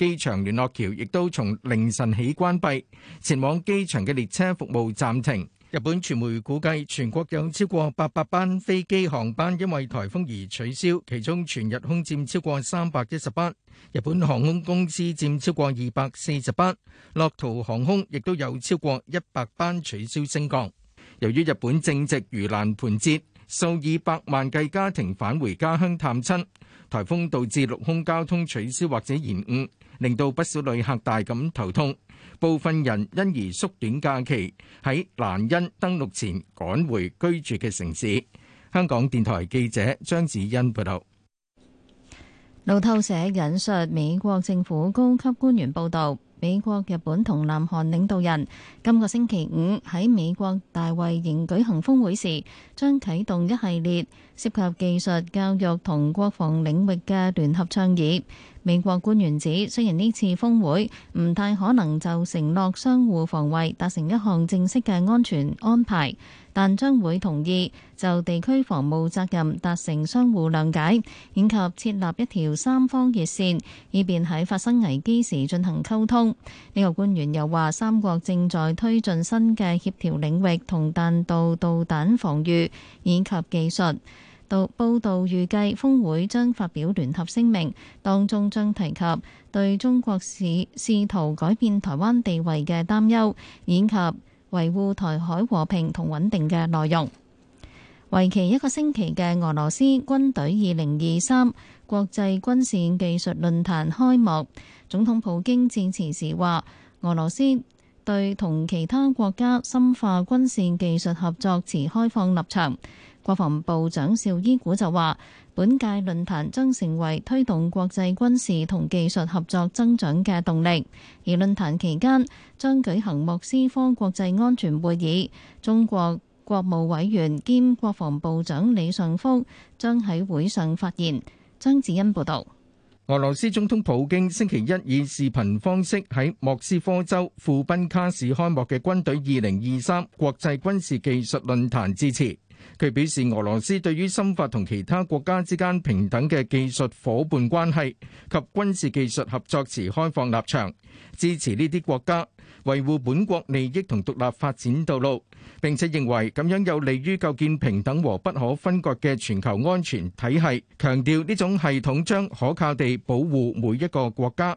機場聯絡橋亦都從凌晨起關閉，前往機場嘅列車服務暫停。日本傳媒估計，全國有超過八百班飛機航班因為颱風而取消，其中全日空佔超過三百一十班，日本航空公司佔超過二百四十八，樂途航空亦都有超過一百班取消升降。由於日本正值盂蘭盆節，數以百萬計家庭返回家鄉探親。颱風導致陸空交通取消或者延誤，令到不少旅客大感頭痛。部分人因而縮短假期，喺蘭恩登陸前趕回居住嘅城市。香港電台記者張子欣報道。路透社引述美國政府高級官員報道。美國、日本同南韓領導人今個星期五喺美國大衛營舉行峰會時，將啟動一系列涉及技術、教育同國防領域嘅聯合倡議。美國官員指，雖然呢次峰會唔太可能就承諾相互防衛，達成一項正式嘅安全安排。但將會同意就地區防務責任達成相互諒解，以及設立一條三方熱線，以便喺發生危機時進行溝通。呢個官員又話，三國正在推進新嘅協調領域同彈道導彈防禦以及技術。報道預計峰會將發表聯合聲明，當中將提及對中國試試圖改變台灣地位嘅擔憂，以及維護台海和平同穩定嘅內容。為期一個星期嘅俄羅斯軍隊二零二三國際軍事技術論壇開幕，總統普京致辭時話：俄羅斯對同其他國家深化軍事技術合作持開放立場。國防部長紹伊古就話：本屆論壇將成為推動國際軍事同技術合作增長嘅動力。而論壇期間將舉行莫斯科國際安全會議，中國國務委員兼國防部長李尚福將喺會上發言。張子欣報道。俄羅斯總統普京星期一以視頻方式喺莫斯科州庫賓卡市開幕嘅軍隊二零二三國際軍事技術論壇致辭。佢表示，俄羅斯對於深化同其他國家之間平等嘅技術伙伴關係及軍事技術合作持開放立場，支持呢啲國家維護本國利益同獨立發展道路。並且認為咁樣有利於構建平等和不可分割嘅全球安全體系，強調呢種系統將可靠地保護每一個國家。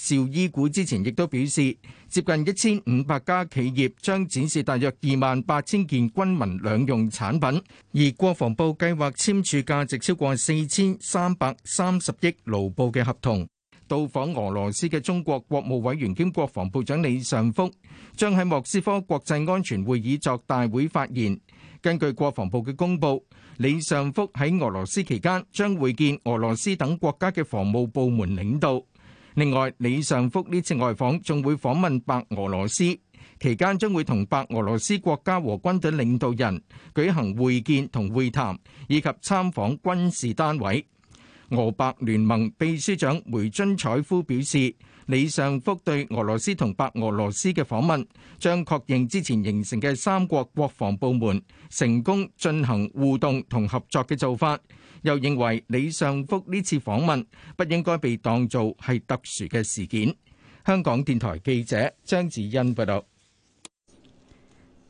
邵伊古之前亦都表示，接近一千五百家企業將展示大約二萬八千件軍民兩用產品，而國防部計劃簽署價值超過四千三百三十億盧布嘅合同。到訪俄羅斯嘅中國國務委員兼國防部長李尚福將喺莫斯科國際安全會議作大會發言。根據國防部嘅公布，李尚福喺俄羅斯期間將會見俄羅斯等國家嘅防務部門領導。另外，李尚福呢次外訪仲會訪問白俄羅斯，期間將會同白俄羅斯國家和軍隊領導人舉行會見同會談，以及參訪軍事單位。俄白聯盟秘書長梅津采夫表示，李尚福對俄羅斯同白俄羅斯嘅訪問，將確認之前形成嘅三國國防部門成功進行互動同合作嘅做法。又認為李尚福呢次訪問不應該被當做係特殊嘅事件。香港電台記者張子欣報道。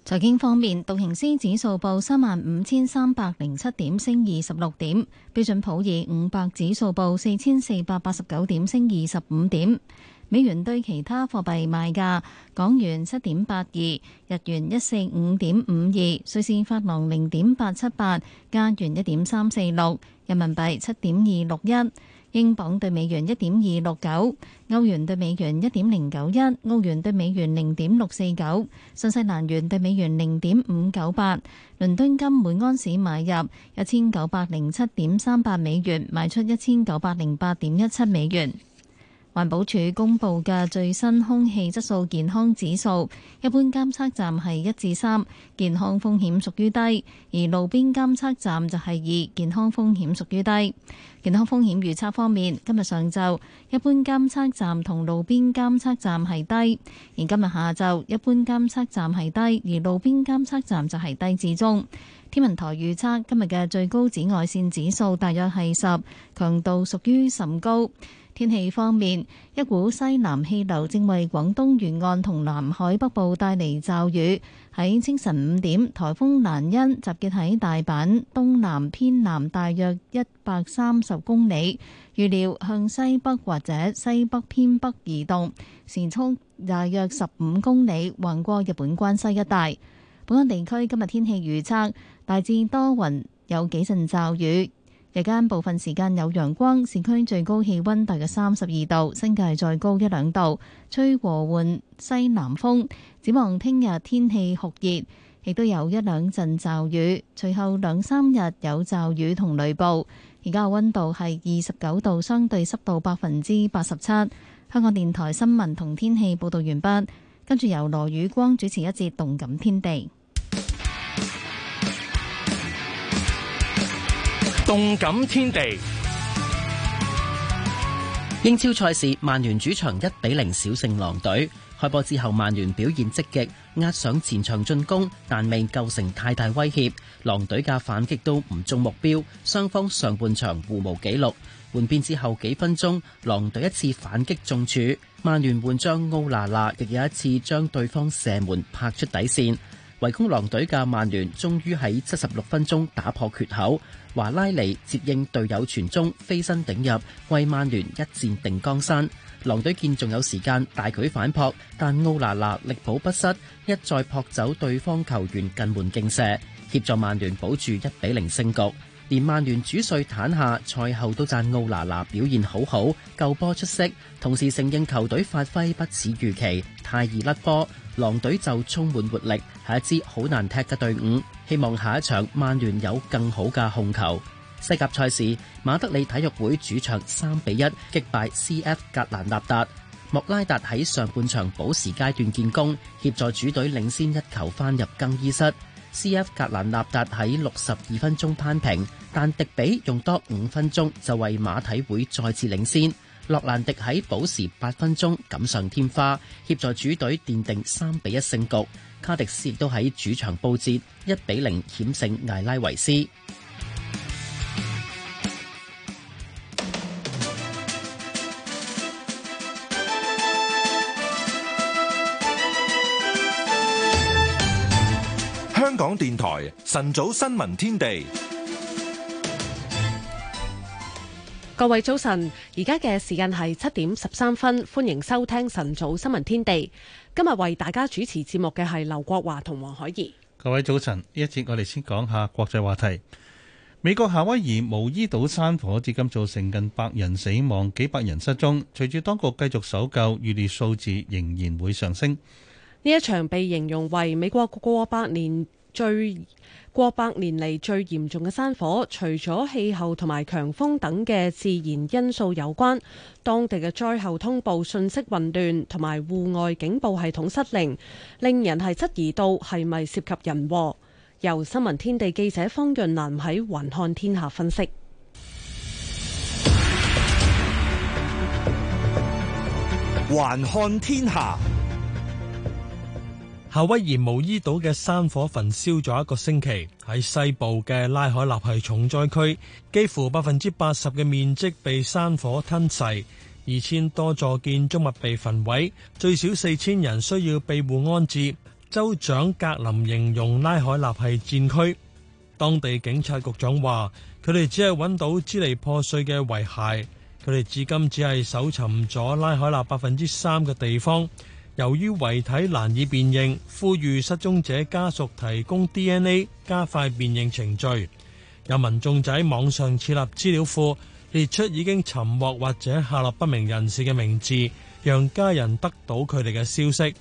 財經方面，道瓊斯指數報三萬五千三百零七點，升二十六點；標準普爾五百指數報四千四百八十九點，升二十五點。美元對其他貨幣賣價：港元七點八二，日元一四五點五二，瑞士法郎零點八七八，加元一點三四六，人民幣七點二六一，英鎊對美元一點二六九，歐元對美元一點零九一，澳元對美元零點六四九，新西蘭元對美元零點五九八。倫敦金每安士買入一千九百零七點三八美元，賣出一千九百零八點一七美元。環保署公佈嘅最新空氣質素健康指數，一般監測站係一至三，健康風險屬於低；而路邊監測站就係二，健康風險屬於低。健康風險預測方面，今日上晝一般監測站同路邊監測站係低，而今日下晝一般監測站係低，而路邊監測站就係低至中。天文台預測今日嘅最高紫外線指數大約係十，強度屬於甚高。天氣方面，一股西南氣流正為廣東沿岸同南海北部帶嚟驟雨。喺清晨五點，台風蘭恩集結喺大阪東南偏南大約一百三十公里，預料向西北或者西北偏北移動，時速大約十五公里，橫過日本關西一帶，本港地區今日天氣預測大致多雲有幾陣驟雨。日間部分時間有陽光，市區最高氣溫大約三十二度，新界再高一兩度，吹和緩西南風。展望聽日天氣酷熱，亦都有一兩陣驟雨，隨後兩三日有驟雨同雷暴。而家嘅溫度係二十九度，相對濕度百分之八十七。香港電台新聞同天氣報道完畢，跟住由羅宇光主持一節《動感天地》。動感天地。英超賽事，曼聯主場一比零小勝狼隊。開波之後，曼聯表現積極，壓上前場進攻，但未構成太大威脅。狼隊嘅反擊都唔中目標。雙方上半場互無紀錄，換邊之後幾分鐘，狼隊一次反擊中柱，曼聯換將奧娜娜，亦有一次將對方射門拍出底線。圍攻狼隊嘅曼聯終於喺七十六分鐘打破缺口，華拉尼接應隊友傳中，飛身頂入，為曼聯一戰定江山。狼隊見仲有時間大舉反撲，但奧納納力保不失，一再撲走對方球員近門勁射，協助曼聯保住一比零勝局。連曼聯主帥坦夏賽後都讚奧納納表現好好，救波出色，同時承認球隊發揮不似預期，太易甩波。狼隊就充滿活力，係一支好難踢嘅隊伍。希望下一場曼聯有更好嘅控球。西甲賽事，馬德里體育會主場三比一擊敗 C.F. 格蘭納達。莫拉達喺上半場補時階段建功，協助主隊領先一球翻入更衣室。C.F. 格蘭納達喺六十二分鐘扳平，但迪比用多五分鐘就為馬體會再次領先。洛蘭迪喺補時八分鐘錦上添花，協助主隊奠定三比一勝局。卡迪斯亦都喺主場報捷，一比零險勝艾拉維斯。香港電台晨早新聞天地。各位早晨，而家嘅時間係七點十三分，歡迎收聽晨早新聞天地。今日為大家主持節目嘅係劉國華同黃海怡。各位早晨，呢一節我哋先講下國際話題。美國夏威夷毛伊島山火至今造成近百人死亡、幾百人失蹤，隨住當局繼續搜救，預烈數字仍然會上升。呢一場被形容為美國過百年最……過百年嚟最嚴重嘅山火，除咗氣候同埋強風等嘅自然因素有關，當地嘅災後通報信息混亂同埋戶外警報系統失靈，令人係質疑到係咪涉及人禍。由新聞天地記者方潤南喺《雲看天下》分析，《雲看天下》。夏威夷毛伊島嘅山火焚燒咗一個星期，喺西部嘅拉海納係重災區，幾乎百分之八十嘅面積被山火吞噬，二千多座建築物被焚毀，最少四千人需要庇護安置。州長格林形容拉海納係戰區，當地警察局長話，佢哋只係搵到支離破碎嘅遺骸，佢哋至今只係搜尋咗拉海納百分之三嘅地方。由於遺體難以辨認，呼籲失蹤者家屬提供 DNA，加快辨認程序。有民眾仔網上設立資料庫，列出已經尋獲或者下落不明人士嘅名字，讓家人得到佢哋嘅消息。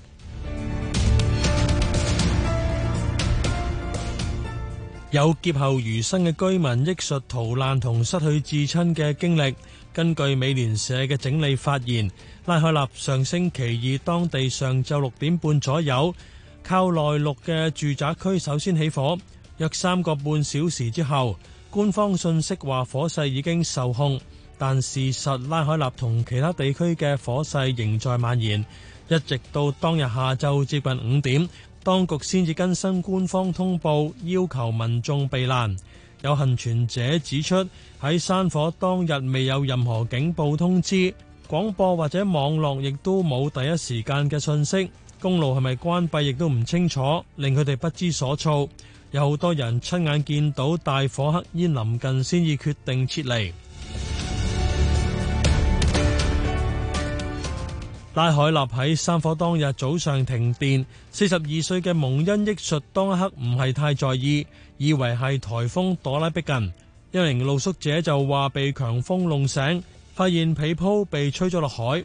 有劫後餘生嘅居民憶述逃難同失去至親嘅經歷。根據美聯社嘅整理發現，拉海納上星期二當地上晝六點半左右，靠內陸嘅住宅區首先起火。約三個半小時之後，官方信息話火勢已經受控，但事實拉海納同其他地區嘅火勢仍在蔓延，一直到當日下晝接近五點。當局先至更新官方通報，要求民眾避難。有幸存者指出，喺山火當日未有任何警報通知、廣播或者網絡，亦都冇第一時間嘅信息。公路係咪關閉亦都唔清楚，令佢哋不知所措。有好多人親眼見到大火黑煙臨近，先至決定撤離。拉海納喺山火當日早上停電，四十二歲嘅蒙恩憶述當刻唔係太在意，以為係颱風朵拉逼近。一名露宿者就話被強風弄醒，發現被鋪被吹咗落海。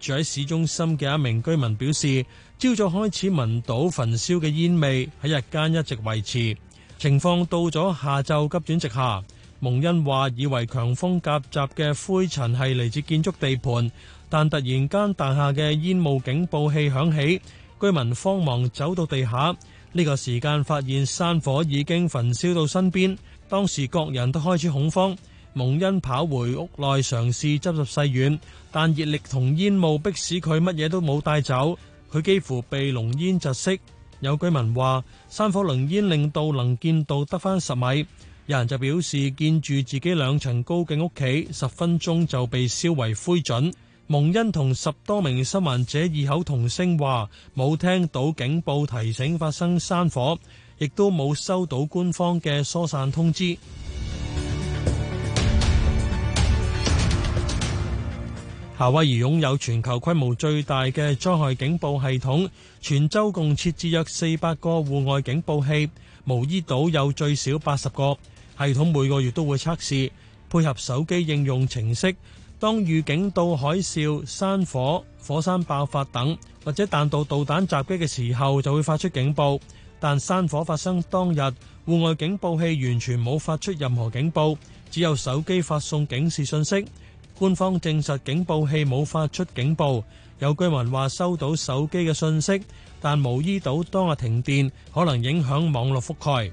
住喺市中心嘅一名居民表示，朝早開始聞到焚燒嘅煙味，喺日間一直維持，情況到咗下晝急轉直下。蒙恩話以為強風夾雜嘅灰塵係嚟自建築地盤。但突然間，大廈嘅煙霧警報器響起，居民慌忙走到地下。呢、這個時間發現山火已經焚燒到身邊，當時各人都開始恐慌。蒙恩跑回屋內嘗試執拾細軟，但熱力同煙霧迫使佢乜嘢都冇帶走，佢幾乎被濃煙窒息。有居民話：山火濃煙令到能見度得返十米。有人就表示，見住自己兩層高嘅屋企，十分鐘就被燒為灰燼。蒙恩同十多名失魂者異口同聲話：冇聽到警報提醒發生山火，亦都冇收到官方嘅疏散通知。 夏威夷擁有全球規模最大嘅災害警報系統，全州共設置約四百個戶外警報器，毛伊島有最少八十個。系統每個月都會測試，配合手機應用程式。當預警到海嘯、山火、火山爆發等，或者彈道導彈襲擊嘅時候，就會發出警報。但山火發生當日，戶外警報器完全冇發出任何警報，只有手機發送警示信息。官方證實警報器冇發出警報，有居民話收到手機嘅信息，但無依到當日停電，可能影響網絡覆蓋。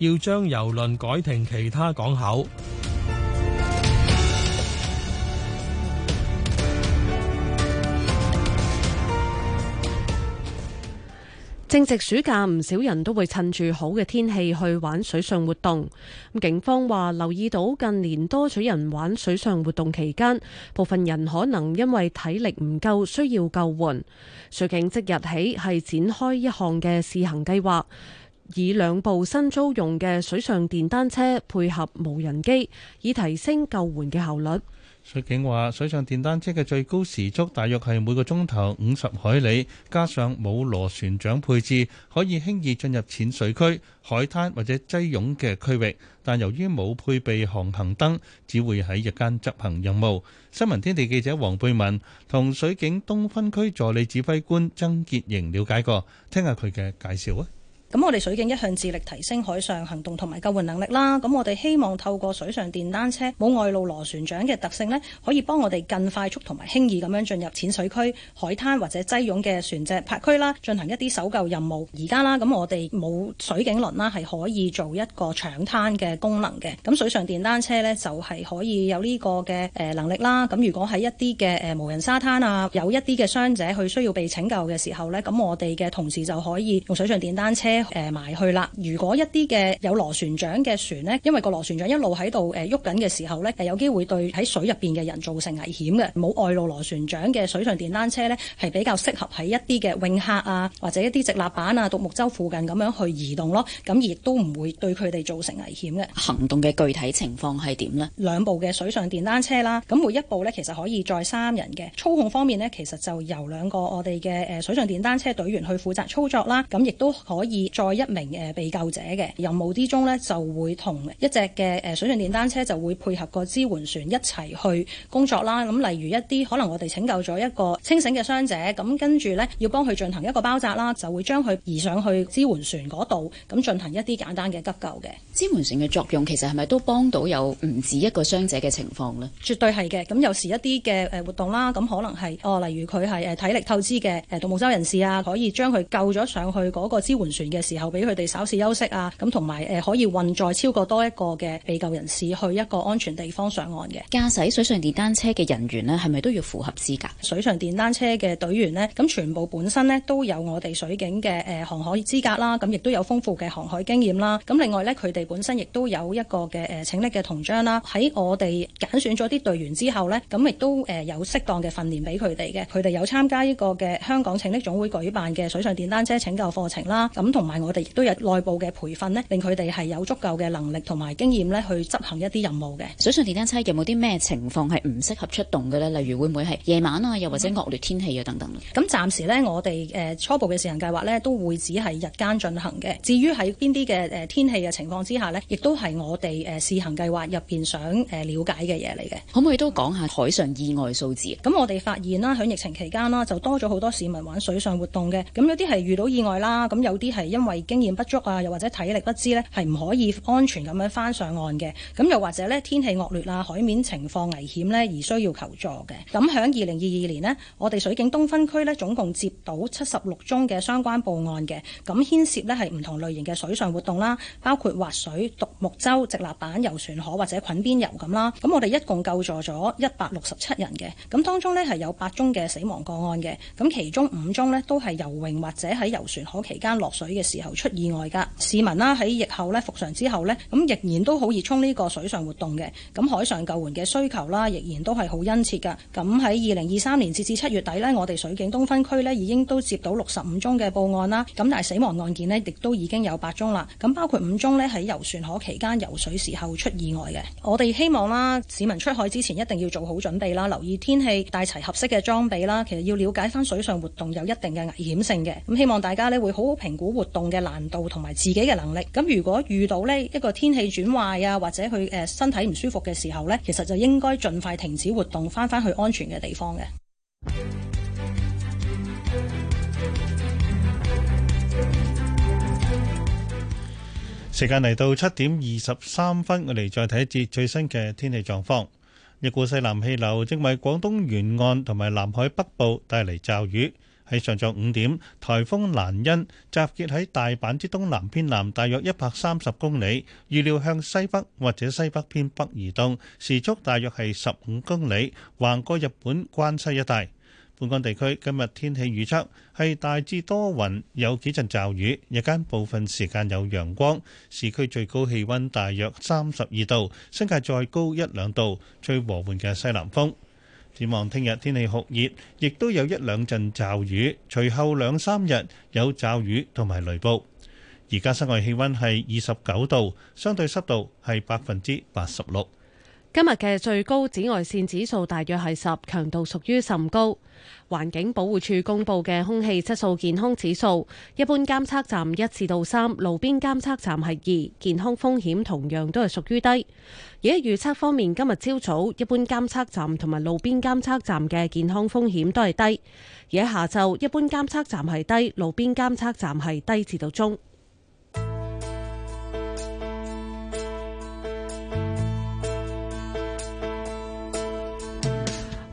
要將郵輪改停其他港口。正值暑假，唔少人都會趁住好嘅天氣去玩水上活動。警方話留意到近年多咗人玩水上活動期間，部分人可能因為體力唔夠需要救援。水警即日起係展開一項嘅試行計劃。以兩部新租用嘅水上電單車配合無人機，以提升救援嘅效率。水警話：水上電單車嘅最高時速大約係每個鐘頭五十海里，加上冇螺旋槳配置，可以輕易進入淺水區、海灘或者擠擁嘅區域。但由於冇配備航行燈，只會喺日間執行任務。新聞天地記者黃貝文同水警東分區助理指揮官曾潔瑩了解過，聽下佢嘅介紹啊！咁我哋水警一向致力提升海上行動同埋救援能力啦。咁我哋希望透過水上電單車冇外露螺旋槳嘅特性咧，可以幫我哋更快速同埋輕易咁樣進入淺水區、海灘或者擠擁嘅船隻泊區啦，進行一啲搜救任務。而家啦，咁我哋冇水警輪啦，係可以做一個搶灘嘅功能嘅。咁水上電單車咧就係可以有呢個嘅誒能力啦。咁如果喺一啲嘅誒無人沙灘啊，有一啲嘅傷者去需要被拯救嘅時候咧，咁我哋嘅同事就可以用水上電單車。誒，埋去啦。如果一啲嘅有螺旋槳嘅船呢，因為個螺旋槳一路喺度誒喐緊嘅時候呢，誒有機會對喺水入邊嘅人造成危險嘅。冇外露螺旋槳嘅水上電單車呢，係比較適合喺一啲嘅泳客啊，或者一啲直立板啊、獨木舟附近咁樣去移動咯。咁亦都唔會對佢哋造成危險嘅。行動嘅具體情況係點呢？兩部嘅水上電單車啦，咁每一部呢，其實可以載三人嘅。操控方面呢，其實就由兩個我哋嘅誒水上電單車隊員去負責操作啦。咁亦都可以。再一名誒被救者嘅任務之中呢，就會同一隻嘅誒水上電單車就會配合個支援船一齊去工作啦。咁例如一啲可能我哋拯救咗一個清醒嘅傷者，咁跟住呢要幫佢進行一個包紮啦，就會將佢移上去支援船嗰度，咁進行一啲簡單嘅急救嘅支援船嘅作用，其實係咪都幫到有唔止一個傷者嘅情況呢？絕對係嘅。咁有時一啲嘅誒活動啦，咁可能係哦，例如佢係誒體力透支嘅誒獨木舟人士啊，可以將佢救咗上去嗰個支援船嘅時候俾佢哋稍事休息啊，咁同埋誒可以運載超過多一個嘅被救人士去一個安全地方上岸嘅。駕駛水上電單車嘅人員呢，係咪都要符合資格？水上電單車嘅隊員呢，咁全部本身呢，都有我哋水警嘅誒航海資格啦，咁亦都有豐富嘅航海經驗啦。咁另外呢，佢哋本身亦都有一個嘅誒拯溺嘅銅章啦。喺我哋揀選咗啲隊員之後呢，咁亦都誒有適當嘅訓練俾佢哋嘅。佢哋有參加呢個嘅香港拯溺總會舉辦嘅水上電單車拯救課程啦，咁同。同埋我哋亦都有內部嘅培訓咧，令佢哋係有足夠嘅能力同埋經驗咧，去執行一啲任務嘅。水上電單車有冇啲咩情況係唔適合出動嘅咧？例如會唔會係夜晚啊，又或者惡劣天氣啊等等？咁、嗯嗯、暫時咧，我哋誒、呃、初步嘅、呃、試行計劃咧，都會只係日間進行嘅。至於喺邊啲嘅誒天氣嘅情況之下咧，亦都係我哋誒試行計劃入邊想誒了解嘅嘢嚟嘅。可唔可以都講下海上意外數字？咁、嗯、我哋發現啦，喺疫情期間啦，就多咗好多市民玩水上活動嘅。咁有啲係遇到意外啦，咁有啲係。因為經驗不足啊，又或者體力不支呢，係唔可以安全咁樣翻上岸嘅。咁又或者呢，天氣惡劣啊，海面情況危險呢，而需要求助嘅。咁喺二零二二年呢，我哋水警東分區呢，總共接到七十六宗嘅相關報案嘅。咁牽涉呢，係唔同類型嘅水上活動啦，包括滑水、獨木舟、直立板、遊船河或者捆邊遊咁啦。咁我哋一共救助咗一百六十七人嘅。咁當中呢，係有八宗嘅死亡個案嘅。咁其中五宗呢，都係游泳或者喺遊船河期間落水嘅。嘅時候出意外噶，市民啦、啊、喺疫後咧復常之後呢，咁仍然都好熱衷呢個水上活動嘅，咁海上救援嘅需求啦、啊，仍然都係好殷切噶。咁喺二零二三年截至七月底呢，我哋水警東分區呢已經都接到六十五宗嘅報案啦，咁但係死亡案件呢，亦都已經有八宗啦。咁包括五宗呢，喺遊船河期間游水時候出意外嘅。我哋希望啦、啊，市民出海之前一定要做好準備啦，留意天氣，帶齊合適嘅裝備啦。其實要了解翻水上活動有一定嘅危險性嘅，咁、嗯、希望大家呢會好好評估活動。動嘅難度同埋自己嘅能力，咁如果遇到呢一個天氣轉壞啊，或者佢誒身體唔舒服嘅時候呢，其實就應該盡快停止活動，返返去安全嘅地方嘅。時間嚟到七點二十三分，我哋再睇一節最新嘅天氣狀況。一股西南氣流正為廣東沿岸同埋南海北部帶嚟驟雨。喺上晝五點，颱風蘭恩集結喺大阪之東南偏南大約一百三十公里，預料向西北或者西北偏北移動，時速大約係十五公里，橫過日本關西一帶。本港地區今日天氣預測係大致多雲，有幾陣驟雨，日間部分時間有陽光，市區最高氣温大約三十二度，新界再高一兩度，吹和緩嘅西南風。展望聽日天，天氣酷熱，亦都有一兩陣驟雨，隨後兩三日有驟雨同埋雷暴。而家室外氣温係二十九度，相對濕度係百分之八十六。今日嘅最高紫外線指數大約係十，強度屬於甚高。環境保護署公布嘅空氣質素健康指數，一般監測站一至到三，3，路邊監測站係二，健康風險同樣都係屬於低。而喺預測方面，今日朝早一般監測站同埋路邊監測站嘅健康風險都係低，而喺下晝一般監測站係低，路邊監測站係低至到中。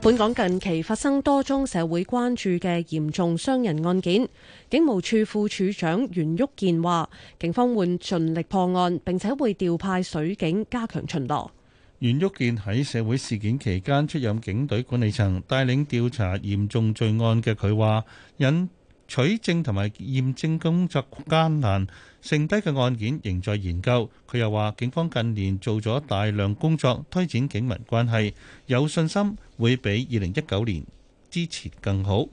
本港近期發生多宗社會關注嘅嚴重傷人案件，警務處副處長袁旭健話，警方會盡力破案，並且會調派水警加強巡邏。袁旭健喺社會事件期間出任警隊管理層，帶領調查嚴重罪案嘅佢話，因取證同埋驗證工作艱難。剩低嘅案件仍在研究，佢又話警方近年做咗大量工作推展警民關係，有信心會比二零一九年之前更好。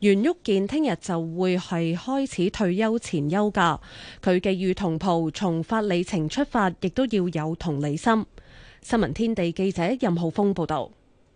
袁旭健聽日就會係開始退休前休假，佢寄語同袍：從法理情出發，亦都要有同理心。新聞天地記者任浩峰報道。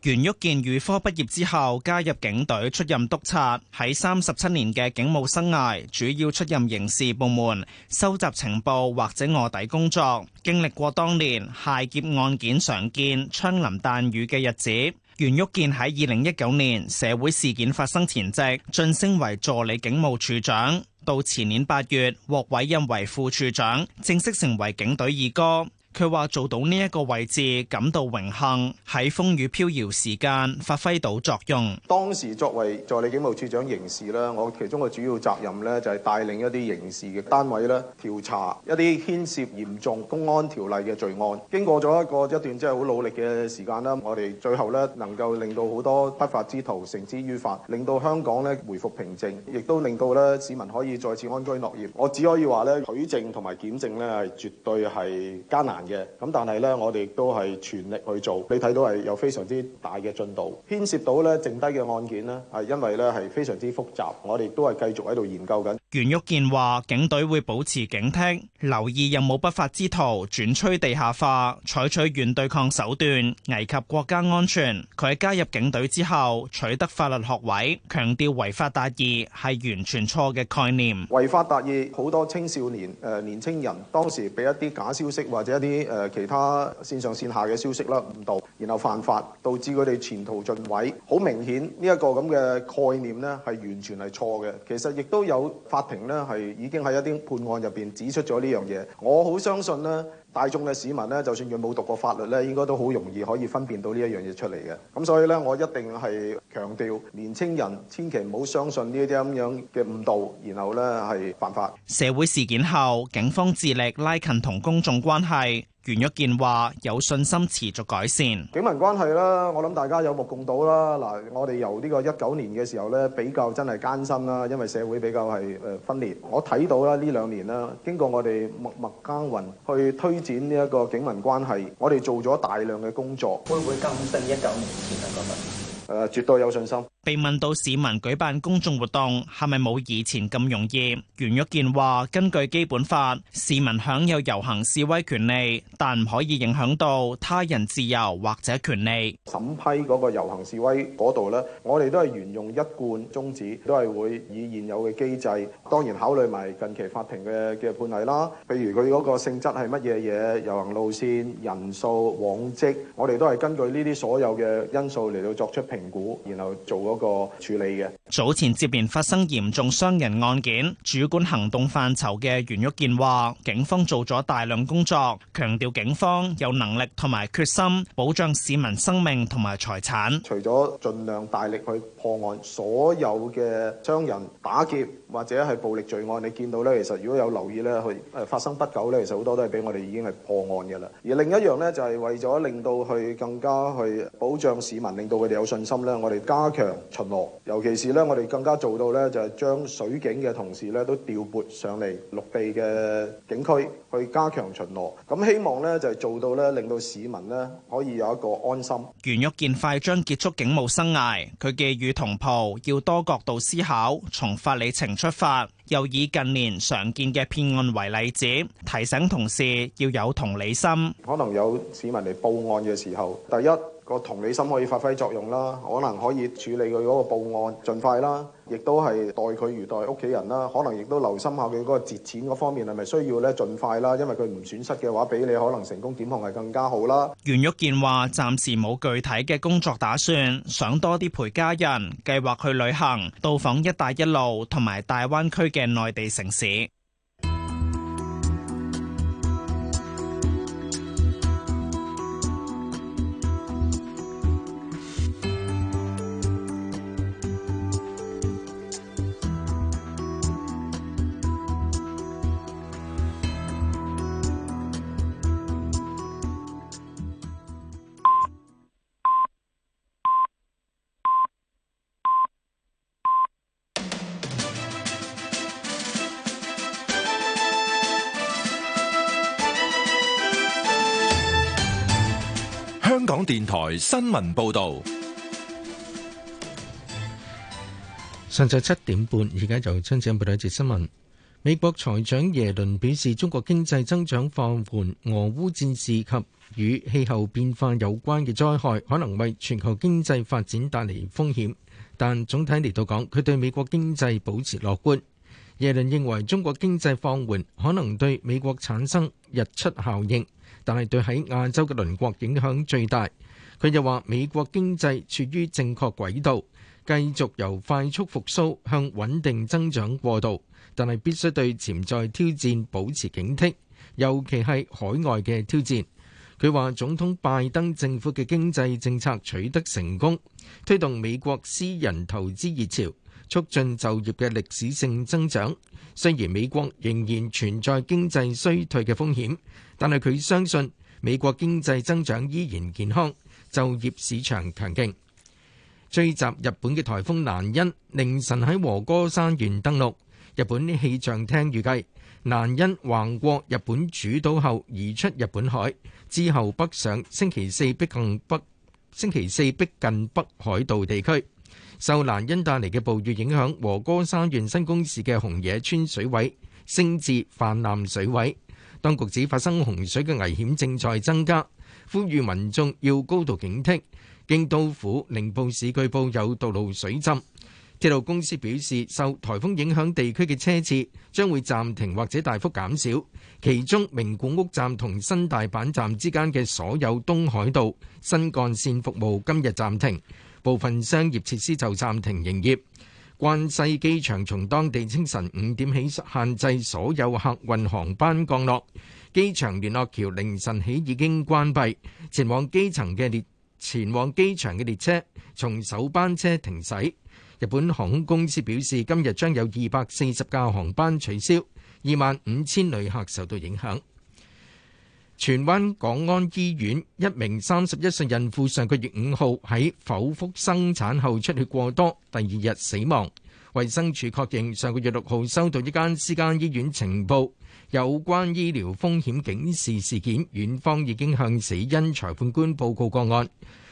袁旭健預科畢業之後加入警隊，出任督察。喺三十七年嘅警務生涯，主要出任刑事部門，收集情報或者臥底工作。經歷過當年械劫案件常見槍林彈雨嘅日子。袁旭健喺二零一九年社會事件發生前夕晉升為助理警務處長，到前年八月獲委任為副處長，正式成為警隊二哥。佢話做到呢一個位置感到榮幸，喺風雨飄搖時間發揮到作用。當時作為助理警務處長刑事啦，我其中嘅主要責任咧就係帶領一啲刑事嘅單位啦，調查一啲牽涉嚴重公安條例嘅罪案。經過咗一個一段真係好努力嘅時間啦，我哋最後咧能夠令到好多不法之徒繩之於法，令到香港咧回復平靜，亦都令到咧市民可以再次安居樂業。我只可以話咧取證同埋檢證咧係絕對係艱難。嘅咁，但係咧，我哋都係全力去做。你睇到係有非常之大嘅進度，牽涉到咧剩低嘅案件咧，係因為咧係非常之複雜，我哋都係繼續喺度研究緊。袁玉健話：警隊會保持警惕，留意有冇不法之徒轉趨地下化，採取軟對抗手段，危及國家安全。佢喺加入警隊之後取得法律學位，強調違法達義係完全錯嘅概念。違法達義，好多青少年誒、呃、年青人當時俾一啲假消息或者一啲。誒，其他線上線下嘅消息啦，誤導，然後犯法，導致佢哋前途盡毀。好明顯呢一個咁嘅概念咧，係完全係錯嘅。其實亦都有法庭咧，係已經喺一啲判案入邊指出咗呢樣嘢。我好相信咧。大眾嘅市民咧，就算佢冇讀過法律咧，應該都好容易可以分辨到呢一樣嘢出嚟嘅。咁所以咧，我一定係強調，年青人千祈唔好相信呢啲咁樣嘅誤導，然後咧係犯法。社會事件後，警方致力拉近同公眾關係。袁玉健話有信心持續改善警民關係啦，我諗大家有目共睹啦。嗱，我哋由呢個一九年嘅時候咧，比較真係艱辛啦，因為社會比較係誒分裂。我睇到啦呢兩年啦，經過我哋默默耕耘去推展呢一個警民關係，我哋做咗大量嘅工作，會唔會更新一九年前嘅局面？誒，絕對有信心。被問到市民舉辦公眾活動係咪冇以前咁容易，袁玉健話：根據基本法，市民享有遊行示威權利，但唔可以影響到他人自由或者權利。審批嗰個遊行示威嗰度呢，我哋都係沿用一貫宗旨，都係會以現有嘅機制，當然考慮埋近期法庭嘅嘅判例啦。譬如佢嗰個性質係乜嘢嘢，遊行路線、人數、往績，我哋都係根據呢啲所有嘅因素嚟到作出評估，然後做咗。個處理嘅。早前接連發生嚴重傷人案件，主管行動範疇嘅袁旭健話：警方做咗大量工作，強調警方有能力同埋決心保障市民生命同埋財產。除咗盡量大力去破案，所有嘅傷人打劫。或者係暴力罪案，你見到呢？其實如果有留意呢，去誒發生不久呢，其實好多都係俾我哋已經係破案嘅啦。而另一樣呢，就係、是、為咗令到去更加去保障市民，令到佢哋有信心呢，我哋加強巡邏，尤其是呢，我哋更加做到呢，就係、是、將水警嘅同事呢都調撥上嚟陸地嘅警區。去加強巡邏，咁希望咧就係做到咧，令到市民咧可以有一個安心。袁旭健快將結束警務生涯，佢寄語同袍要多角度思考，從法理情出發，又以近年常見嘅騙案為例子，提醒同事要有同理心。可能有市民嚟報案嘅時候，第一個同理心可以發揮作用啦，可能可以處理佢嗰個報案盡快啦，亦都係待佢如待屋企人啦，可能亦都留心下佢嗰個節錢嗰方面係咪需要咧盡快啦，因為佢唔損失嘅話，比你可能成功檢控係更加好啦。袁玉健話：暫時冇具體嘅工作打算，想多啲陪家人，計劃去旅行，到訪一帶一路同埋大灣區嘅內地城市。電台新聞報道，上晝七點半，而家就親自報道一節新聞。美國財長耶倫表示，中國經濟增長放緩、俄烏戰事及與氣候變化有關嘅災害，可能為全球經濟發展帶嚟風險。但總體嚟到講，佢對美國經濟保持樂觀。耶倫認為，中國經濟放緩可能對美國產生日出效應。但係對喺亞洲嘅鄰國影響最大。佢又話美國經濟處於正確軌道，繼續由快速復甦向穩定增長過渡，但係必須對潛在挑戰保持警惕，尤其係海外嘅挑戰。佢話總統拜登政府嘅經濟政策取得成功，推動美國私人投資熱潮。促進就業嘅歷史性增長。雖然美國仍然存在經濟衰退嘅風險，但係佢相信美國經濟增長依然健康，就業市場強勁。吹襲日本嘅颱風蘭恩凌晨喺和歌山縣登陸。日本氣象廳預計蘭恩橫過日本主島後移出日本海，之後北上，星期四逼近北星期四逼近北海道地區。受蘭恩帶嚟嘅暴雨影響，和歌山縣新宮市嘅紅野村水位升至氾濫水位。當局指發生洪水嘅危險正在增加，呼籲民眾要高度警惕。京都府綾部市據報有道路水浸。鐵路公司表示，受颱風影響地區嘅車次將會暫停或者大幅減少。其中名古屋站同新大阪站之間嘅所有東海道新幹線服務今日暫停。部分商業設施就暫停營業。關西機場從當地清晨五點起限制所有客運航班降落，機場聯絡橋凌晨起已經關閉。前往機場嘅列前往機場嘅列車從首班車停駛。日本航空公司表示，今日將有二百四十架航班取消，二萬五千旅客受到影響。荃灣港安醫院一名三十一歲孕婦上個月五號喺剖腹生產後出血過多，第二日死亡。衛生署確認上個月六號收到一間私家醫院情報，有關醫療風險警示事件，院方已經向死因裁判官報告個案。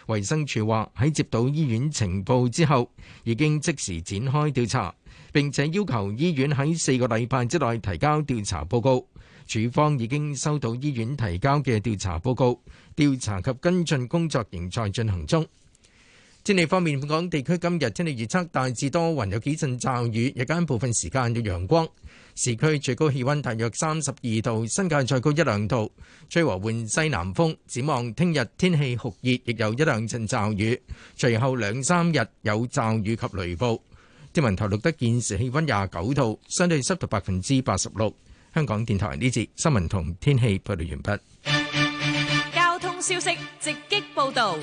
衛生署話喺接到醫院情報之後，已經即時展開調查，並且要求醫院喺四個禮拜之內提交調查報告。處方已經收到醫院提交嘅調查報告，調查及跟進工作仍在進行中。天氣方面，本港地區今日天氣預測大致多雲，有幾陣驟雨，日間部分時間有陽光。市區最高氣温大約三十二度，新界再高一兩度。吹和緩西南風，展望聽日天氣酷熱，亦有一兩陣驟雨。隨後兩三日有驟雨及雷暴。天文台錄得現時氣温廿九度，相對濕度百分之八十六。香港電台呢節新聞同天氣報道完畢。交通消息直擊報道。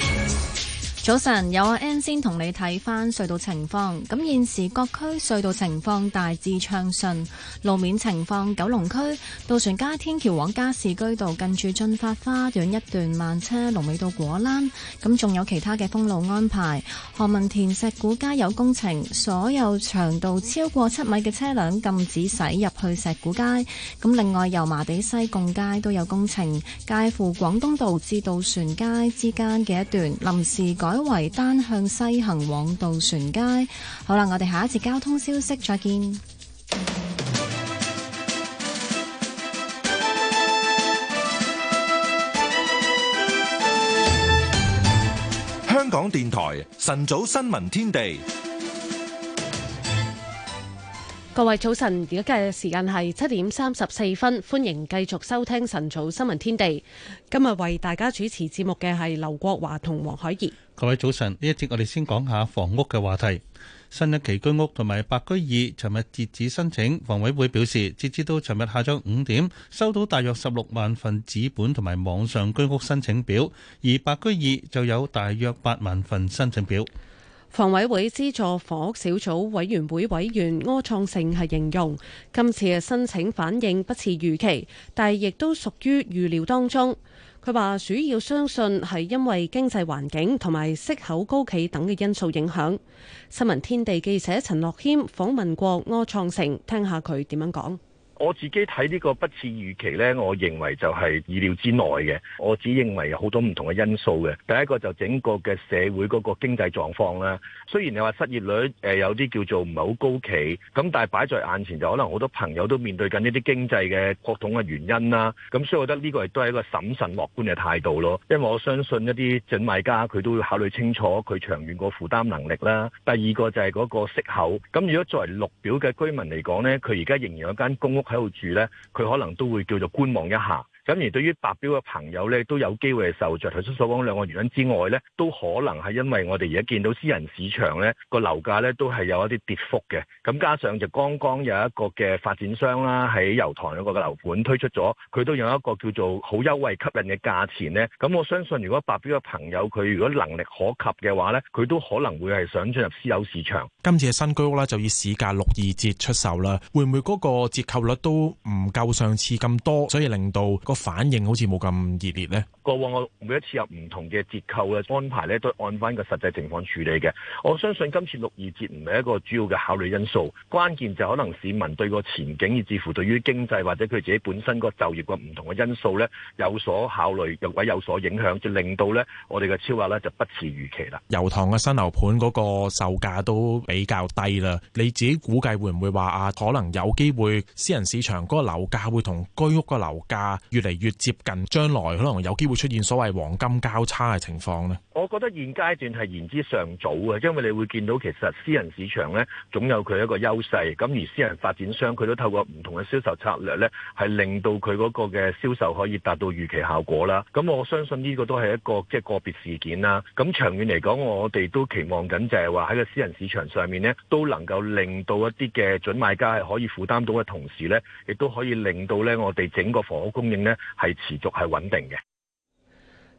早晨，有阿 N 先同你睇翻隧道情況。咁現時各區隧道情況大致暢順，路面情況。九龍區渡船街天橋往加士居道近住駿發花園一段慢車，龍尾到果欄。咁仲有其他嘅封路安排。何文田石鼓街有工程，所有長度超過七米嘅車輛禁止駛入去石鼓街。咁另外油麻地西貢街都有工程，介乎廣東道至渡船街之間嘅一段臨時改，改為單向西行往渡船街。好啦，我哋下一節交通消息再見。香港電台晨早新聞天地，各位早晨，而家嘅時間係七點三十四分，歡迎繼續收聽晨早新聞天地。今日為大家主持節目嘅係劉國華同黃海怡。各位早晨，呢一節我哋先講下房屋嘅話題。新一期居屋同埋白居二尋日截止申請，房委會表示，截止到尋日下晝五點，收到大約十六萬份紙本同埋網上居屋申請表，而白居二就有大約八萬份申請表。房委會資助房屋小組委員會委員柯創盛係形容，今次嘅申請反應不似預期，但係亦都屬於預料當中。佢話主要相信係因為經濟環境同埋息口高企等嘅因素影響。新聞天地記者陳樂謙訪問過柯創城，聽下佢點樣講。我自己睇呢個不似預期呢，我認為就係意料之內嘅。我只認為有好多唔同嘅因素嘅。第一個就整個嘅社會嗰個經濟狀況啦。雖然你話失業率誒、呃、有啲叫做唔係好高企，咁但係擺在眼前就可能好多朋友都面對緊呢啲經濟嘅各種嘅原因啦。咁、嗯、所以我覺得呢個亦都係一個審慎樂觀嘅態度咯。因為我相信一啲準買家佢都會考慮清楚佢長遠個負擔能力啦。第二個就係嗰個息口。咁、嗯、如果作為綠表嘅居民嚟講呢，佢而家仍然有間公屋。喺度住咧，佢可能都會叫做觀望一下。 咁而對於白表嘅朋友咧，都有機會係受着。頭先所講兩個原因之外咧，都可能係因為我哋而家見到私人市場咧個樓價咧都係有一啲跌幅嘅。咁加上就剛剛有一個嘅發展商啦，喺油塘有個樓盤推出咗，佢都有一個叫做好優惠吸引嘅價錢咧。咁、嗯、我相信如果白表嘅朋友佢如果能力可及嘅話咧，佢都可能會係想進入私有市場，今次嘅新居屋啦，就以市價六二折出售啦，會唔會嗰個折扣率都唔夠上次咁多，所以令到？個反應好似冇咁熱烈呢。過往我每一次有唔同嘅折扣嘅安排呢，都按翻個實際情況處理嘅。我相信今次六二折唔係一個主要嘅考慮因素，關鍵就可能市民對個前景，以至乎對於經濟或者佢自己本身個就業個唔同嘅因素呢，有所考慮，又或者有所影響，就令到呢我哋嘅超額呢就不似預期啦。油塘嘅新樓盤嗰個售價都比較低啦。你自己估計會唔會話啊？可能有機會私人市場嗰個樓價會同居屋個樓價嚟越接近將來，可能有機會出現所謂黃金交叉嘅情況咧。我覺得現階段係言之尚早嘅，因為你會見到其實私人市場呢，總有佢一個優勢，咁而私人發展商佢都透過唔同嘅銷售策略呢，係令到佢嗰個嘅銷售可以達到預期效果啦。咁我相信呢個都係一個即係個別事件啦。咁長遠嚟講，我哋都期望緊就係話喺個私人市場上面呢，都能夠令到一啲嘅準買家係可以負擔到嘅同時呢，亦都可以令到呢我哋整個房屋供應呢，係持續係穩定嘅。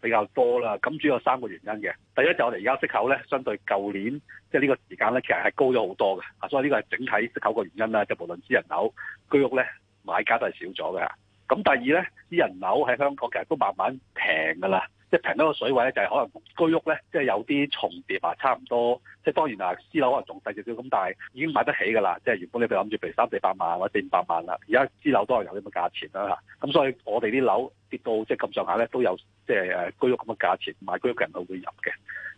比較多啦，咁主要有三個原因嘅。第一就我哋而家息口咧，相對舊年即係呢個時間咧，其實係高咗好多嘅。啊，所以呢個係整體息口嘅原因啦。就是、無論私人樓、居屋咧，買家都係少咗嘅。咁第二咧，私人樓喺香港其實都慢慢平嘅啦，即係平多個水位呢就係、是、可能居屋咧，即、就、係、是、有啲重疊啊，差唔多。即、就、係、是、當然啊，私樓可能仲細少少，咁但係已經買得起嘅啦。即、就、係、是、原本你哋諗住譬如三四百萬或者四五百萬啦，而家私樓都係有呢個價錢啦、啊、嚇。咁所以我哋啲樓。跌到即係咁上下咧，都有即係誒，居屋咁嘅價錢買居屋嘅人都會入嘅。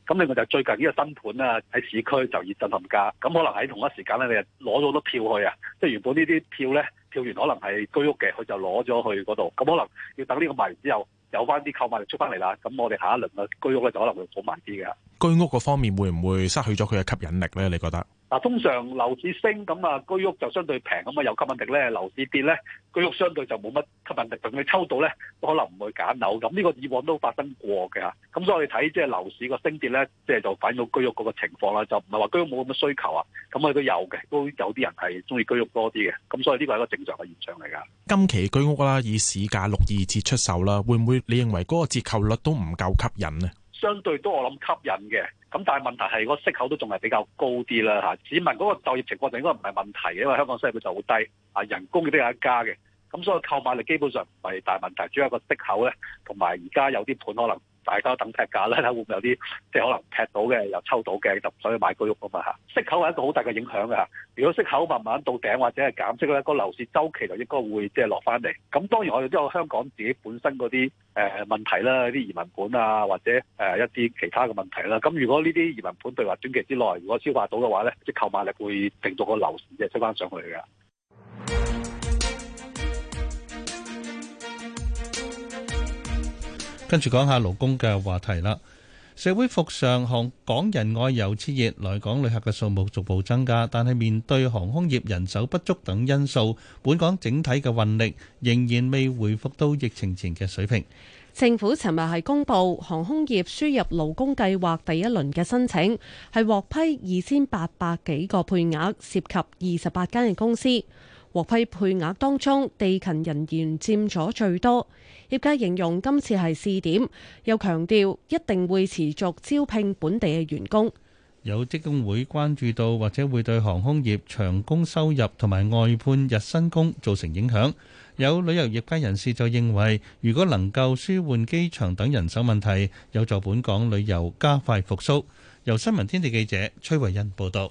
咁另外就最近呢個新盤啊，喺市區就熱震冧價。咁可能喺同一時間咧，你攞咗好多票去啊。即係原本呢啲票咧，票源可能係居屋嘅，佢就攞咗去嗰度。咁可能要等呢個賣完之後，有翻啲購買力出翻嚟啦。咁我哋下一輪嘅居屋咧，就可能會好慢啲嘅。居屋嗰方面會唔會失去咗佢嘅吸引力咧？你覺得？嗱，通常樓市升咁啊，居屋就相對平，咁啊有吸引力咧。樓市跌咧，居屋相對就冇乜吸引力。等你抽到咧，都可能唔會揀樓。咁、這、呢個以往都發生過嘅吓。咁、嗯、所以睇即係樓市個升跌咧，即係就反映到居屋嗰個情況啦。就唔係話居屋冇咁嘅需求啊。咁啊，佢都有嘅，都有啲人係中意居屋多啲嘅。咁所以呢個係一個正常嘅現象嚟噶。今期居屋啦，以市價六二折出售啦，會唔會你認為嗰個折扣率都唔夠吸引呢？相對都我諗吸引嘅，咁但係問題係個息口都仲係比較高啲啦嚇。市民嗰個就業情況就應該唔係問題嘅，因為香港失業率就好低，啊人工亦都有一加嘅，咁所以購買力基本上唔係大問題，主要係個息口咧，同埋而家有啲盤可能。大家等劈價咧，睇會唔會有啲即係可能劈到嘅，又抽到嘅，就唔想去買居屋噶嘛嚇。息口係一個好大嘅影響㗎。如果息口慢慢到頂或者係減息咧，嗰、那個樓市周期就應該會即係、就是、落翻嚟。咁當然我哋都有香港自己本身嗰啲誒問題啦，啲移民盤啊，或者誒一啲其他嘅問題啦。咁如果呢啲移民盤譬如話短期之內如果消化到嘅話咧，即係購買力會定到個樓市即係出翻上去嘅。跟住講下勞工嘅話題啦。社會復常，航港人外遊熾熱，來港旅客嘅數目逐步增加，但係面對航空業人手不足等因素，本港整體嘅運力仍然未回復到疫情前嘅水平。政府尋日係公布航空業輸入勞工計劃第一輪嘅申請，係獲批二千八百幾個配額，涉及二十八間嘅公司。獲批配額當中，地勤人員佔咗最多。業界形容今次係試點，又強調一定會持續招聘本地嘅員工。有職工會關注到，或者會對航空業長工收入同埋外判日薪工造成影響。有旅遊業界人士就認為，如果能夠舒緩機場等人手問題，有助本港旅遊加快復甦。由新聞天地記者崔慧欣報道。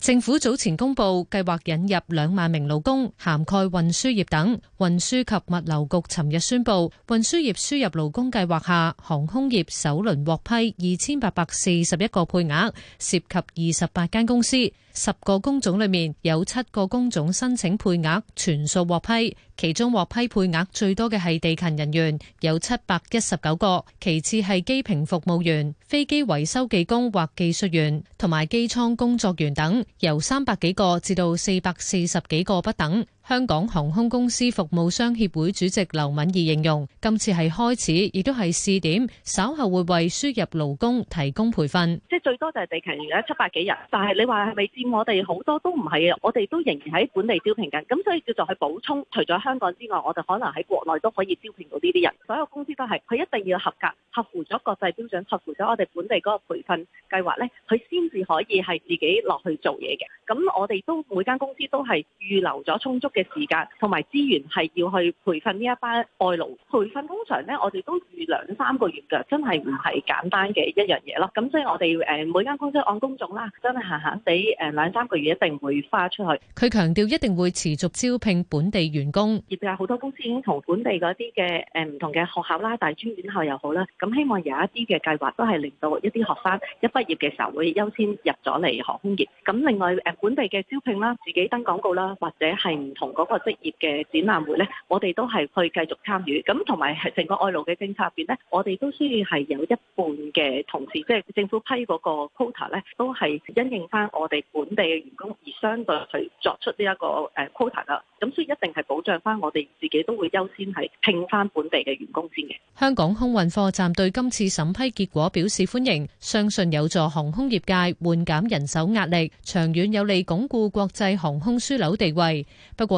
政府早前公布計劃引入兩萬名勞工，涵蓋運輸業等。運輸及物流局尋日宣布，運輸業輸入勞工計劃下，航空業首輪獲批二千八百四十一個配額，涉及二十八間公司。十個工種裏面有七個工種申請配額，全數獲批。其中獲批配額最多嘅係地勤人員，有七百一十九個；其次係機坪服務員、飛機維修技工或技術員同埋機艙工作員等，由三百幾個至到四百四十幾個不等。香港航空公司服務商協會主席劉敏儀形容：今次係開始，亦都係試點，稍後會為輸入勞工提供培訓。即係最多就係地勤員咧，七百幾人。但係你話係咪佔我哋好多都唔係啊，我哋都仍然喺本地招聘緊，咁所以叫做去補充。除咗香港之外，我哋可能喺國內都可以招聘到呢啲人。所有公司都係，佢一定要合格，合乎咗國際標準，合乎咗我哋本地嗰個培訓計劃咧，佢先至可以係自己落去做嘢嘅。咁我哋都每間公司都係預留咗充足嘅時間同埋資源係要去培訓呢一班外勞，培訓通常咧我哋都預兩三個月㗎，真係唔係簡單嘅一樣嘢咯。咁所以我哋誒每間公司按工種啦，真係慳慳地誒兩三個月一定會花出去。佢強調一定會持續招聘本地員工，而家好多公司已經同本地嗰啲嘅誒唔同嘅學校啦、大專院校又好啦，咁希望有一啲嘅計劃都係令到一啲學生一畢業嘅時候會優先入咗嚟航空業。咁另外誒本地嘅招聘啦，自己登廣告啦，或者係唔同，嗰個職業嘅展覽會咧，我哋都係去繼續參與。咁同埋係成個外勞嘅政策入邊咧，我哋都需要係有一半嘅同事，即係政府批嗰個 quota 咧，都係因應翻我哋本地嘅員工，而相對去作出呢一個誒 quota 啦。咁所以一定係保障翻我哋自己都會優先係聘翻本地嘅員工先嘅。香港空運貨站對今次審批結果表示歡迎，相信有助航空業界緩減人手壓力，長遠有利鞏固國際航空樞紐地位。不過，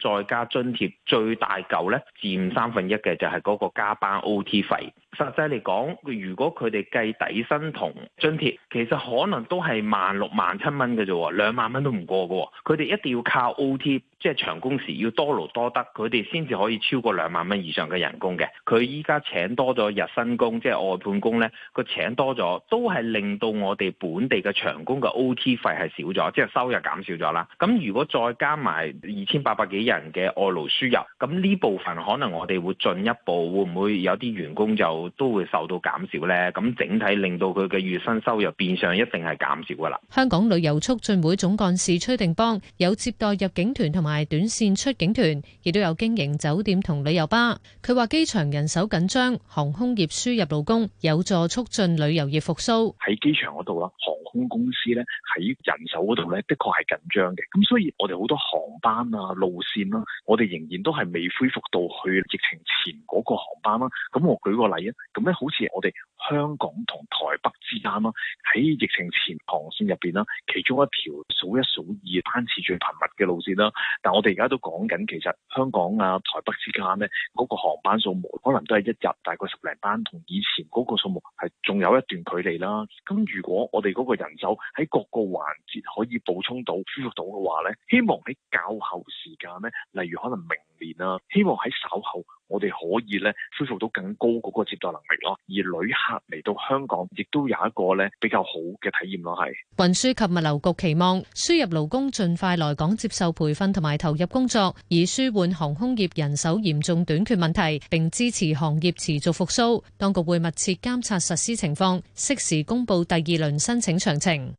再加津貼最大嚿咧，佔三分一嘅就係嗰個加班 O T 費。實際嚟講，如果佢哋計底薪同津貼，其實可能都係萬六萬七蚊嘅啫，兩萬蚊都唔過嘅。佢哋一定要靠 O T，即係長工時，要多勞多得，佢哋先至可以超過兩萬蚊以上嘅人工嘅。佢依家請多咗日薪工，即係外判工咧，個請多咗都係令到我哋本地嘅長工嘅 O T 費係少咗，即係收入減少咗啦。咁如果再加埋二千八百幾，人嘅外勞輸入，咁呢部分可能我哋會進一步，會唔會有啲員工就都會受到減少呢？咁整體令到佢嘅月薪收入變相一定係減少噶啦。香港旅遊促進會總幹事崔定邦有接待入境團同埋短線出境團，亦都有經營酒店同旅遊巴。佢話：機場人手緊張，航空業輸入勞工有助促進旅遊業復甦。喺機場嗰度啊，航空公司呢喺人手嗰度呢，的確係緊張嘅。咁所以，我哋好多航班啊，路線咯，我哋仍然都係未恢復到去疫情前嗰個航班啦、啊。咁我舉個例啊，咁咧好似我哋香港同台北之間啦、啊，喺疫情前航線入邊啦，其中一條數一數二班次最頻密嘅路線啦、啊。但我哋而家都講緊，其實香港啊台北之間咧嗰個航班數目可能都係一日大概十零班，同以前嗰個數目係仲有一段距離啦。咁如果我哋嗰個人手喺各個環節可以補充到恢復到嘅話咧，希望喺較後時間咧。例如可能明年啦，希望喺稍後我哋可以咧恢復到更高嗰個接待能力咯，而旅客嚟到香港亦都有一個咧比較好嘅體驗咯，係運輸及物流局期望輸入勞工盡快來港接受培訓同埋投入工作，以舒緩航空業人手嚴重短缺問題，並支持行業持續復蘇。當局會密切監察實施情況，適時公布第二輪申請詳情。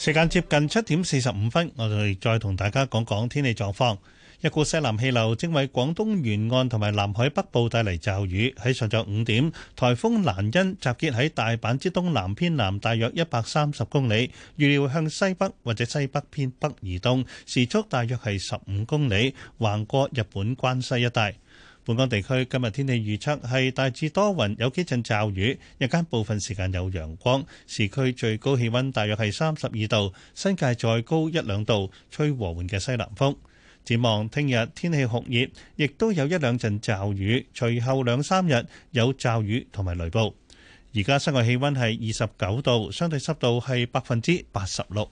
時間接近七點四十五分，我哋再同大家講講天氣狀況。一股西南氣流正為廣東沿岸同埋南海北部帶嚟驟雨。喺上晝五點，台風蘭恩集結喺大阪之東南偏南大約一百三十公里，預料向西北或者西北偏北移動，時速大約係十五公里，橫過日本關西一帶。本港地區今日天氣預測係大致多雲，有幾陣驟雨，日間部分時間有陽光，市區最高氣溫大約係三十二度，新界再高一兩度，吹和緩嘅西南風。展望聽日天氣酷熱，亦都有一兩陣驟雨，隨後兩三日有驟雨同埋雷暴。而家室外氣溫係二十九度，相對濕度係百分之八十六。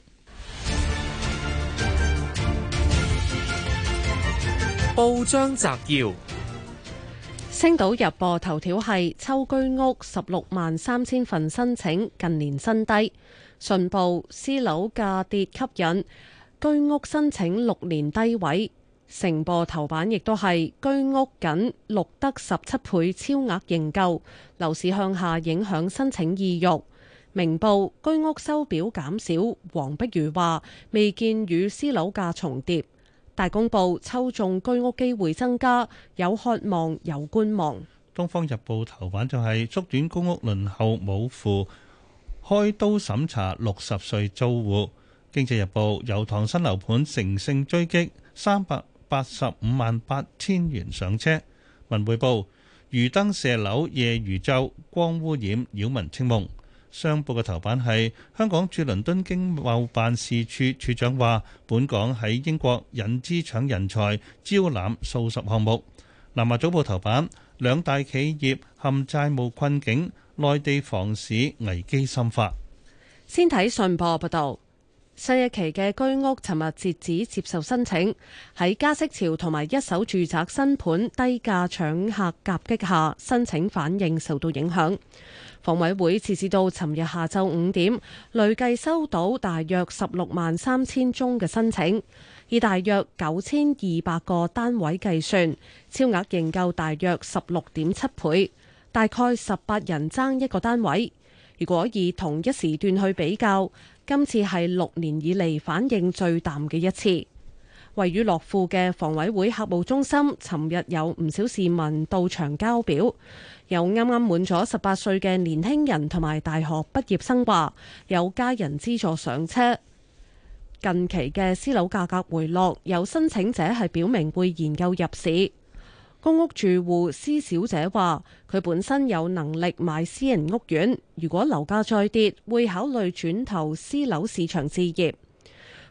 報章摘要。星島日報頭條係：抽居屋十六萬三千份申請，近年新低。信報私樓價跌吸引，居屋申請六年低位。成報頭版亦都係居屋僅錄得十七倍超額認購，樓市向下影響申請意欲。明報居屋收表減少，黃碧如話未見與私樓價重疊。大公報抽中居屋機會增加，有渴望有觀望。《東方日報》頭版就係縮短公屋輪候，冇符開刀審查六十歲租戶。《經濟日報》油塘新樓盤乘勝追擊，三百八十五萬八千元上車。《文匯報》魚燈射樓夜如晝光污染擾民清夢。商報嘅頭版係香港駐倫敦經貿辦事處處長話，本港喺英國引資搶人才，招攬數十項目。南華早報頭版，兩大企業陷債務困境，內地房市危機深化。先睇信報報道。新一期嘅居屋，尋日截止接受申請。喺加息潮同埋一手住宅新盤低價搶客夾擊下，申請反應受到影響。房委會截止到尋日下晝五點，累計收到大約十六萬三千宗嘅申請，以大約九千二百個單位計算，超額認購大約十六點七倍，大概十八人爭一個單位。如果以同一時段去比較，今次係六年以嚟反應最淡嘅一次。位於樂富嘅房委會客務中心，尋日有唔少市民到場交表。有啱啱滿咗十八歲嘅年輕人同埋大學畢業生話有家人資助上車。近期嘅私樓價格回落，有申請者係表明會研究入市。公屋住戶施小姐話，佢本身有能力買私人屋苑，如果樓價再跌，會考慮轉投私樓市場置業。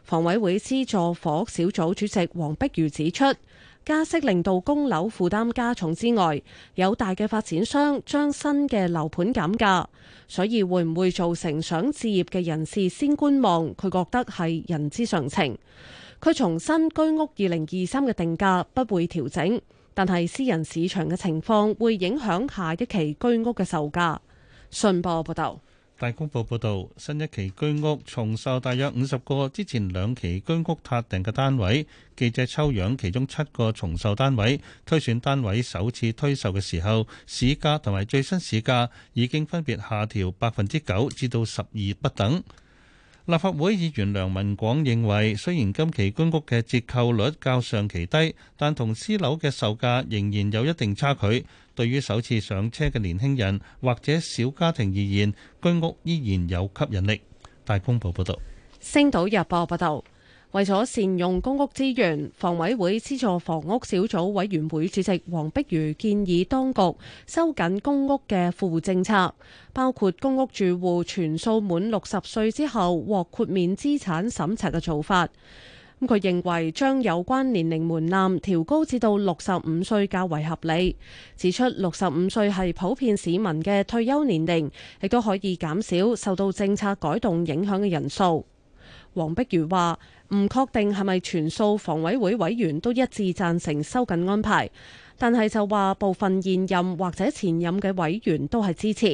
房委會資助房屋小組主席黃碧如指出，加息令到供樓負擔加重之外，有大嘅發展商將新嘅樓盤減價，所以會唔會造成想置業嘅人士先觀望？佢覺得係人之常情。佢重申，居屋二零二三嘅定價不會調整。但係私人市場嘅情況會影響下一期居屋嘅售價。信報報道，大公報報道，新一期居屋重售大約五十個之前兩期居屋撻訂嘅單位。記者抽樣其中七個重售單位，推選單位首次推售嘅時候，市價同埋最新市價已經分別下調百分之九至到十二不等。立法會議員梁文廣認為，雖然今期居屋嘅折扣率較上期低，但同私樓嘅售價仍然有一定差距。對於首次上車嘅年輕人或者小家庭而言，居屋依然有吸引力。大公報報道。星島日報報道。為咗善用公屋資源，房委會資助房屋小組委員會主席黃碧如建議當局收緊公屋嘅富戶政策，包括公屋住戶全數滿六十歲之後獲豁免資產審查嘅做法。咁佢認為將有關年齡門檻調高至到六十五歲較為合理，指出六十五歲係普遍市民嘅退休年齡，亦都可以減少受到政策改動影響嘅人數。黃碧如話：唔確定係咪全數房委會委員都一致贊成收緊安排，但係就話部分現任或者前任嘅委員都係支持，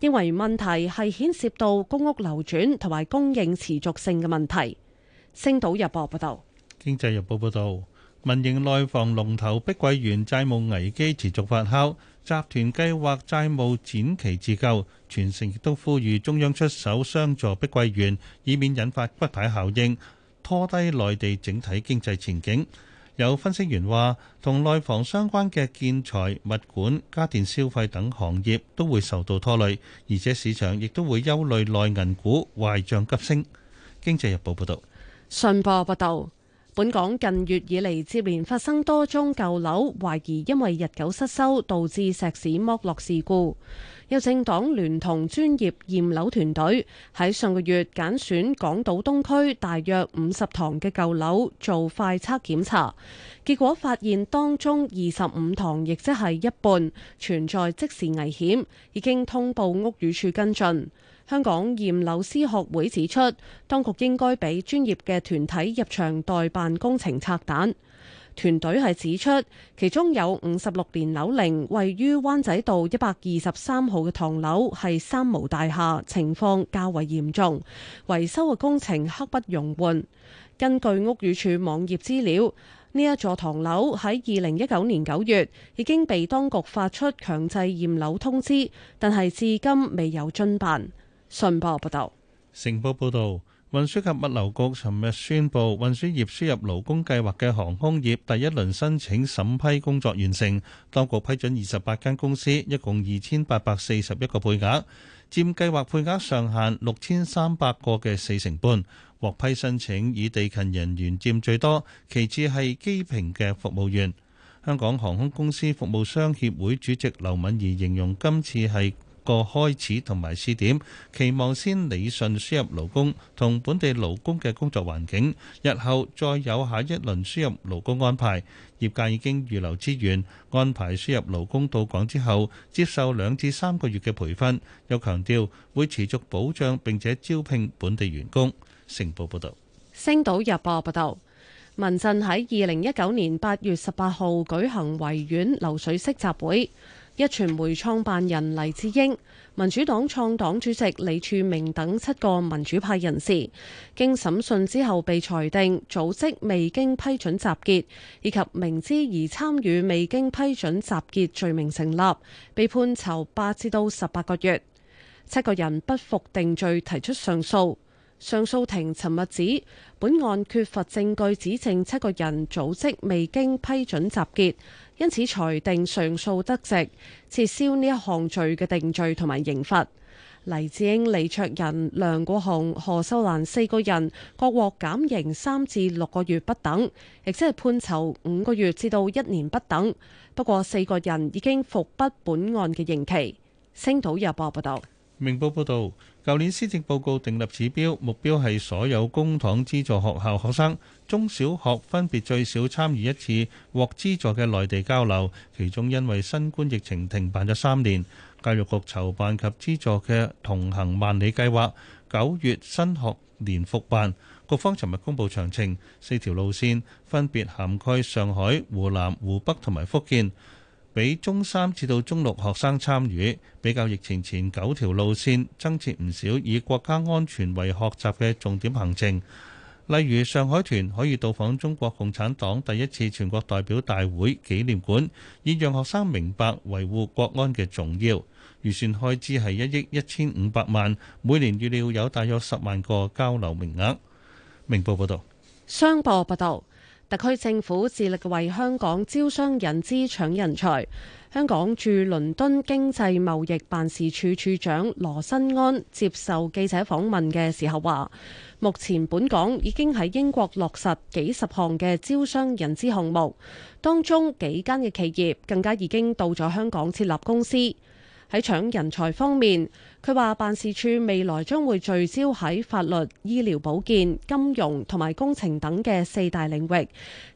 認為問題係牽涉到公屋流轉同埋供應持續性嘅問題。星島日報報道，經濟日報報道，民營內房龍頭碧桂園債務危機持續發酵。集團計劃債務展期自救，全城亦都呼籲中央出手相助碧桂園，以免引發骨牌效應，拖低內地整體經濟前景。有分析員話，同內房相關嘅建材、物管、家電消費等行業都會受到拖累，而且市場亦都會憂慮內銀股壞帳急升。經濟日報報道。信報報道。本港近月以嚟，接連發生多宗舊樓懷疑因為日久失修導致石屎剝落事故，有政黨聯同專業驗樓團隊喺上個月揀選港島東區大約五十堂嘅舊樓做快測檢查，結果發現當中二十五堂，亦即係一半存在即時危險，已經通報屋宇署跟進。香港驗樓師學會指出，當局應該俾專業嘅團體入場代辦工程拆彈。團隊係指出，其中有五十六年樓齡，位於灣仔道一百二十三號嘅唐樓係三毛大廈，情況較為嚴重，維修嘅工程刻不容緩。根據屋宇署網頁資料，呢一座唐樓喺二零一九年九月已經被當局發出強制驗樓通知，但係至今未有進辦。信報報道，成報報道，運輸及物流局尋日宣布，運輸業輸入勞工計劃嘅航空業第一輪申請審批工作完成，當局批准二十八間公司，一共二千八百四十一個配額，佔計劃配額上限六千三百個嘅四成半。獲批申請以地勤人員佔最多，其次係機坪嘅服務員。香港航空公司服務商協會主席劉敏儀形容今次係個開始同埋試點，期望先理順輸入勞工同本地勞工嘅工作環境，日後再有下一輪輸入勞工安排。業界已經預留資源，安排輸入勞工到港之後接受兩至三個月嘅培訓。又強調會持續保障並且招聘本地員工。成報報道。星島日報報道，民陣喺二零一九年八月十八號舉行維園流水式集會。一壹傳媒創辦人黎智英、民主黨創黨主席李柱銘等七個民主派人士，經審訊之後被裁定組織未經批准集結，以及明知而參與未經批准集結罪名成立，被判囚八至到十八個月。七個人不服定罪提出上訴。上訴庭尋日指，本案缺乏證據指證七個人組織未經批准集結，因此裁定上訴得直，撤銷呢一項罪嘅定罪同埋刑罰。黎智英、李卓人、梁國雄、何秀蘭四個人各獲減刑三至六個月不等，亦即係判囚五個月至到一年不等。不過四個人已經服畢本案嘅刑期。星島日報報道，明報報道。舊年施政報告訂立指標，目標係所有公帑資助學校學生，中小學分別最少參與一次獲資助嘅內地交流，其中因為新冠疫情停辦咗三年，教育局籌辦及資助嘅「同行萬里」計劃，九月新學年復辦。局方尋日公佈詳情，四條路線分別涵蓋上海、湖南、湖北同埋福建。俾中三至到中六學生參與，比較疫情前九條路線，增設唔少以國家安全為學習嘅重點行程。例如上海團可以到訪中國共產黨第一次全國代表大會紀念館，以讓學生明白維護國安嘅重要。預算開支係一億一千五百萬，每年預料有大約十萬個交流名額。明報報道。商報報導。特區政府致力為香港招商引資搶人才。香港駐倫敦經濟貿易辦事處處長羅新安接受記者訪問嘅時候話，目前本港已經喺英國落實幾十項嘅招商引資項目，當中幾間嘅企業更加已經到咗香港設立公司。喺搶人才方面。佢話：辦事處未來將會聚焦喺法律、醫療保健、金融同埋工程等嘅四大領域，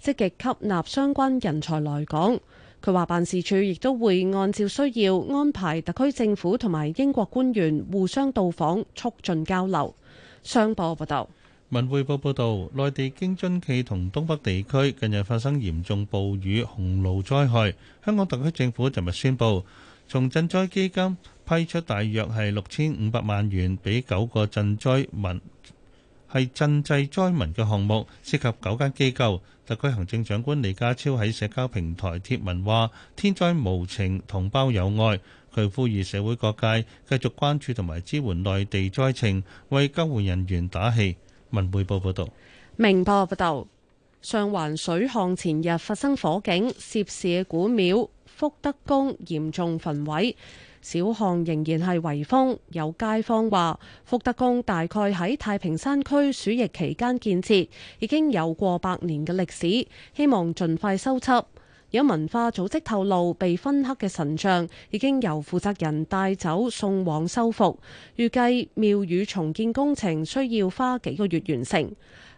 積極吸納相關人才來港。佢話：辦事處亦都會按照需要安排特區政府同埋英國官員互相到訪，促進交流。商報報道：「文匯報報道，內地京津冀同東北地區近日發生嚴重暴雨洪澇災害，香港特區政府尋日宣布從賑災基金，批出大約係六千五百萬元俾九個賑災民係賑濟災民嘅項目，涉及九間機構。特區行政長官李家超喺社交平台貼文話：天災無情，同胞有愛。佢呼籲社會各界繼續關注同埋支援內地災情，為救援人員打氣。文匯報報導。明報報導，上環水巷前日發生火警，涉事古廟福德宮嚴重焚毀。小巷仍然係圍封，有街坊話：福德宮大概喺太平山區鼠疫期間建設，已經有過百年嘅歷史，希望盡快修葺。有文化組織透露，被焚黑嘅神像已經由負責人帶走送往修復，預計廟宇重建工程需要花幾個月完成。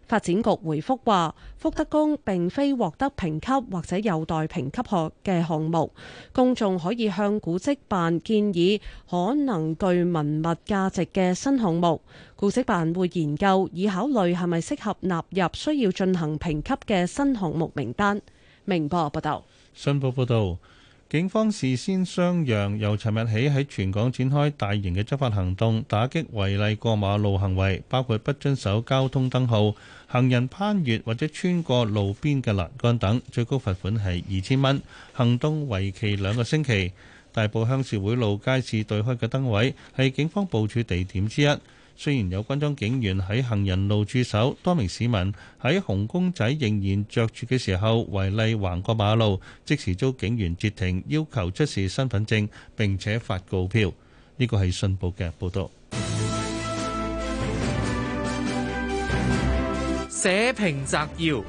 發展局回覆話：福德宮並非獲得評級或者有待評級學嘅項目，公眾可以向古蹟辦建議可能具文物價值嘅新項目，古蹟辦會研究以考慮係咪適合納入需要進行評級嘅新項目名單。明報報道。新報報道。警方事先相讓，由尋日起喺全港展開大型嘅執法行動，打擊違例過馬路行為，包括不遵守交通燈號、行人攀越或者穿過路邊嘅欄杆等，最高罰款係二千蚊。行動為期兩個星期，大埔鄉事會路街市對開嘅燈位係警方部署地點之一。雖然有軍裝警員喺行人路駐守，多名市民喺紅公仔仍然着住嘅時候違例橫過馬路，即時遭警員截停，要求出示身份證並且發告票。呢個係信報嘅報導。社評摘要。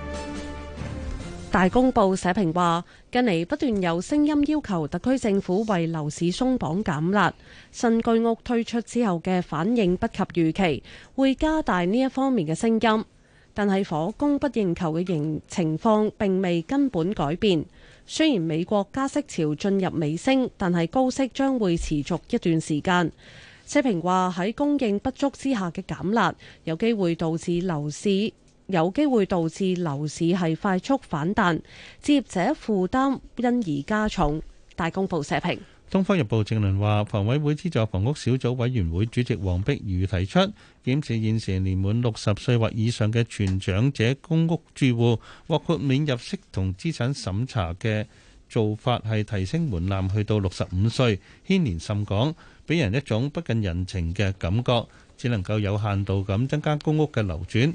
大公報社評話，近嚟不斷有聲音要求特區政府為樓市鬆綁減辣，新居屋推出之後嘅反應不及預期，會加大呢一方面嘅聲音。但係火供不應求嘅形情況並未根本改變，雖然美國加息潮進入尾聲，但係高息將會持續一段時間，社評話喺供應不足之下嘅減辣，有機會導致樓市。有機會導致樓市係快速反彈，置業者負擔因而加重。大公報社評。《東方日報》正論話，房委會資助房屋小組委員會主席黃碧如提出，檢視現時年滿六十歲或以上嘅全長者公屋住戶，或豁免入息同資產審查嘅做法，係提升門檻去到六十五歲，牽連甚廣，俾人一種不近人情嘅感覺，只能夠有限度咁增加公屋嘅流轉。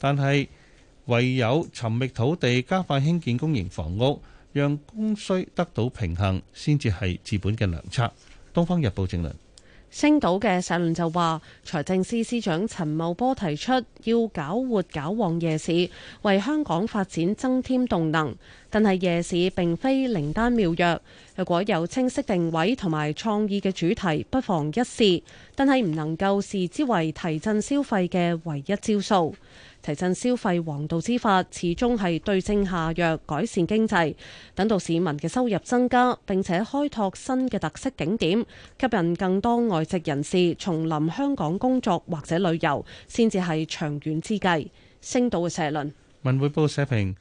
但係唯有尋覓土地，加快興建公營房屋，讓供需得到平衡，先至係治本嘅良策。《東方日報》政論，星島嘅社論就話，財政司司長陳茂波提出要搞活搞旺夜市，為香港發展增添動能。但係夜市並非靈丹妙藥。如果有清晰定位同埋創意嘅主題，不妨一試。但係唔能夠視之為提振消費嘅唯一招數。提振消費王道之法，始終係對症下藥改善經濟。等到市民嘅收入增加，並且開拓新嘅特色景點，吸引更多外籍人士重臨香港工作或者旅遊，先至係長遠之計。星島嘅社論，文匯報社評：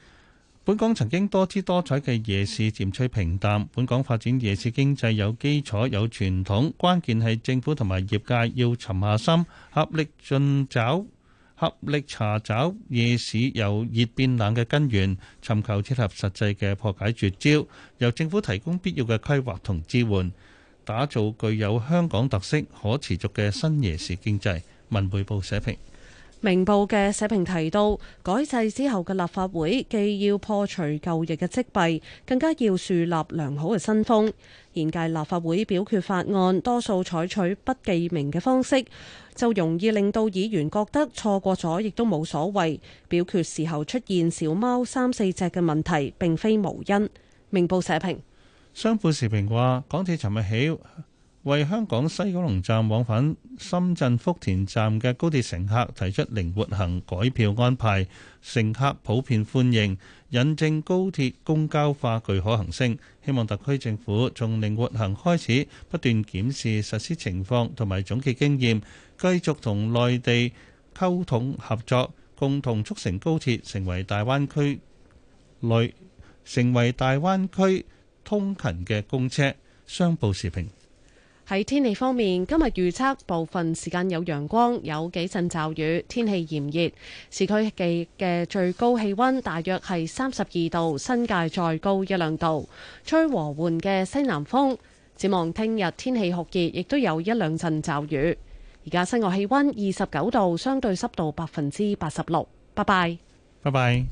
本港曾經多姿多彩嘅夜市漸趨平淡。本港發展夜市經濟有基礎有傳統，關鍵係政府同埋業界要沉下心，合力進找。合力查找夜市由熱變冷嘅根源，尋求切合實際嘅破解絕招，由政府提供必要嘅規劃同支援，打造具有香港特色、可持續嘅新夜市經濟。文匯報社評。明報嘅社評提到，改制之後嘅立法會既要破除舊日嘅積弊，更加要樹立良好嘅新風。現屆立法會表決法案，多數採取不記名嘅方式。就容易令到議員覺得錯過咗，亦都冇所謂，表決時候出現，小貓三四隻嘅問題並非無因。明報社評。商報時評話港鐵尋日起。為香港西九龍站往返深圳福田站嘅高鐵乘客提出靈活行改票安排，乘客普遍歡迎，引證高鐵公交化具可行性。希望特區政府從靈活行開始，不斷檢視實施情況同埋總結經驗，繼續同內地溝通合作，共同促成高鐵成為大灣區內成為大灣區通勤嘅公車。商報視頻。喺天氣方面，今日預測部分時間有陽光，有幾陣驟雨，天氣炎熱。市區記嘅最高氣溫大約係三十二度，新界再高一兩度，吹和緩嘅西南風。展望聽日天氣酷熱，亦都有一兩陣驟雨。而家室外氣溫二十九度，相對濕度百分之八十六。拜拜，拜拜。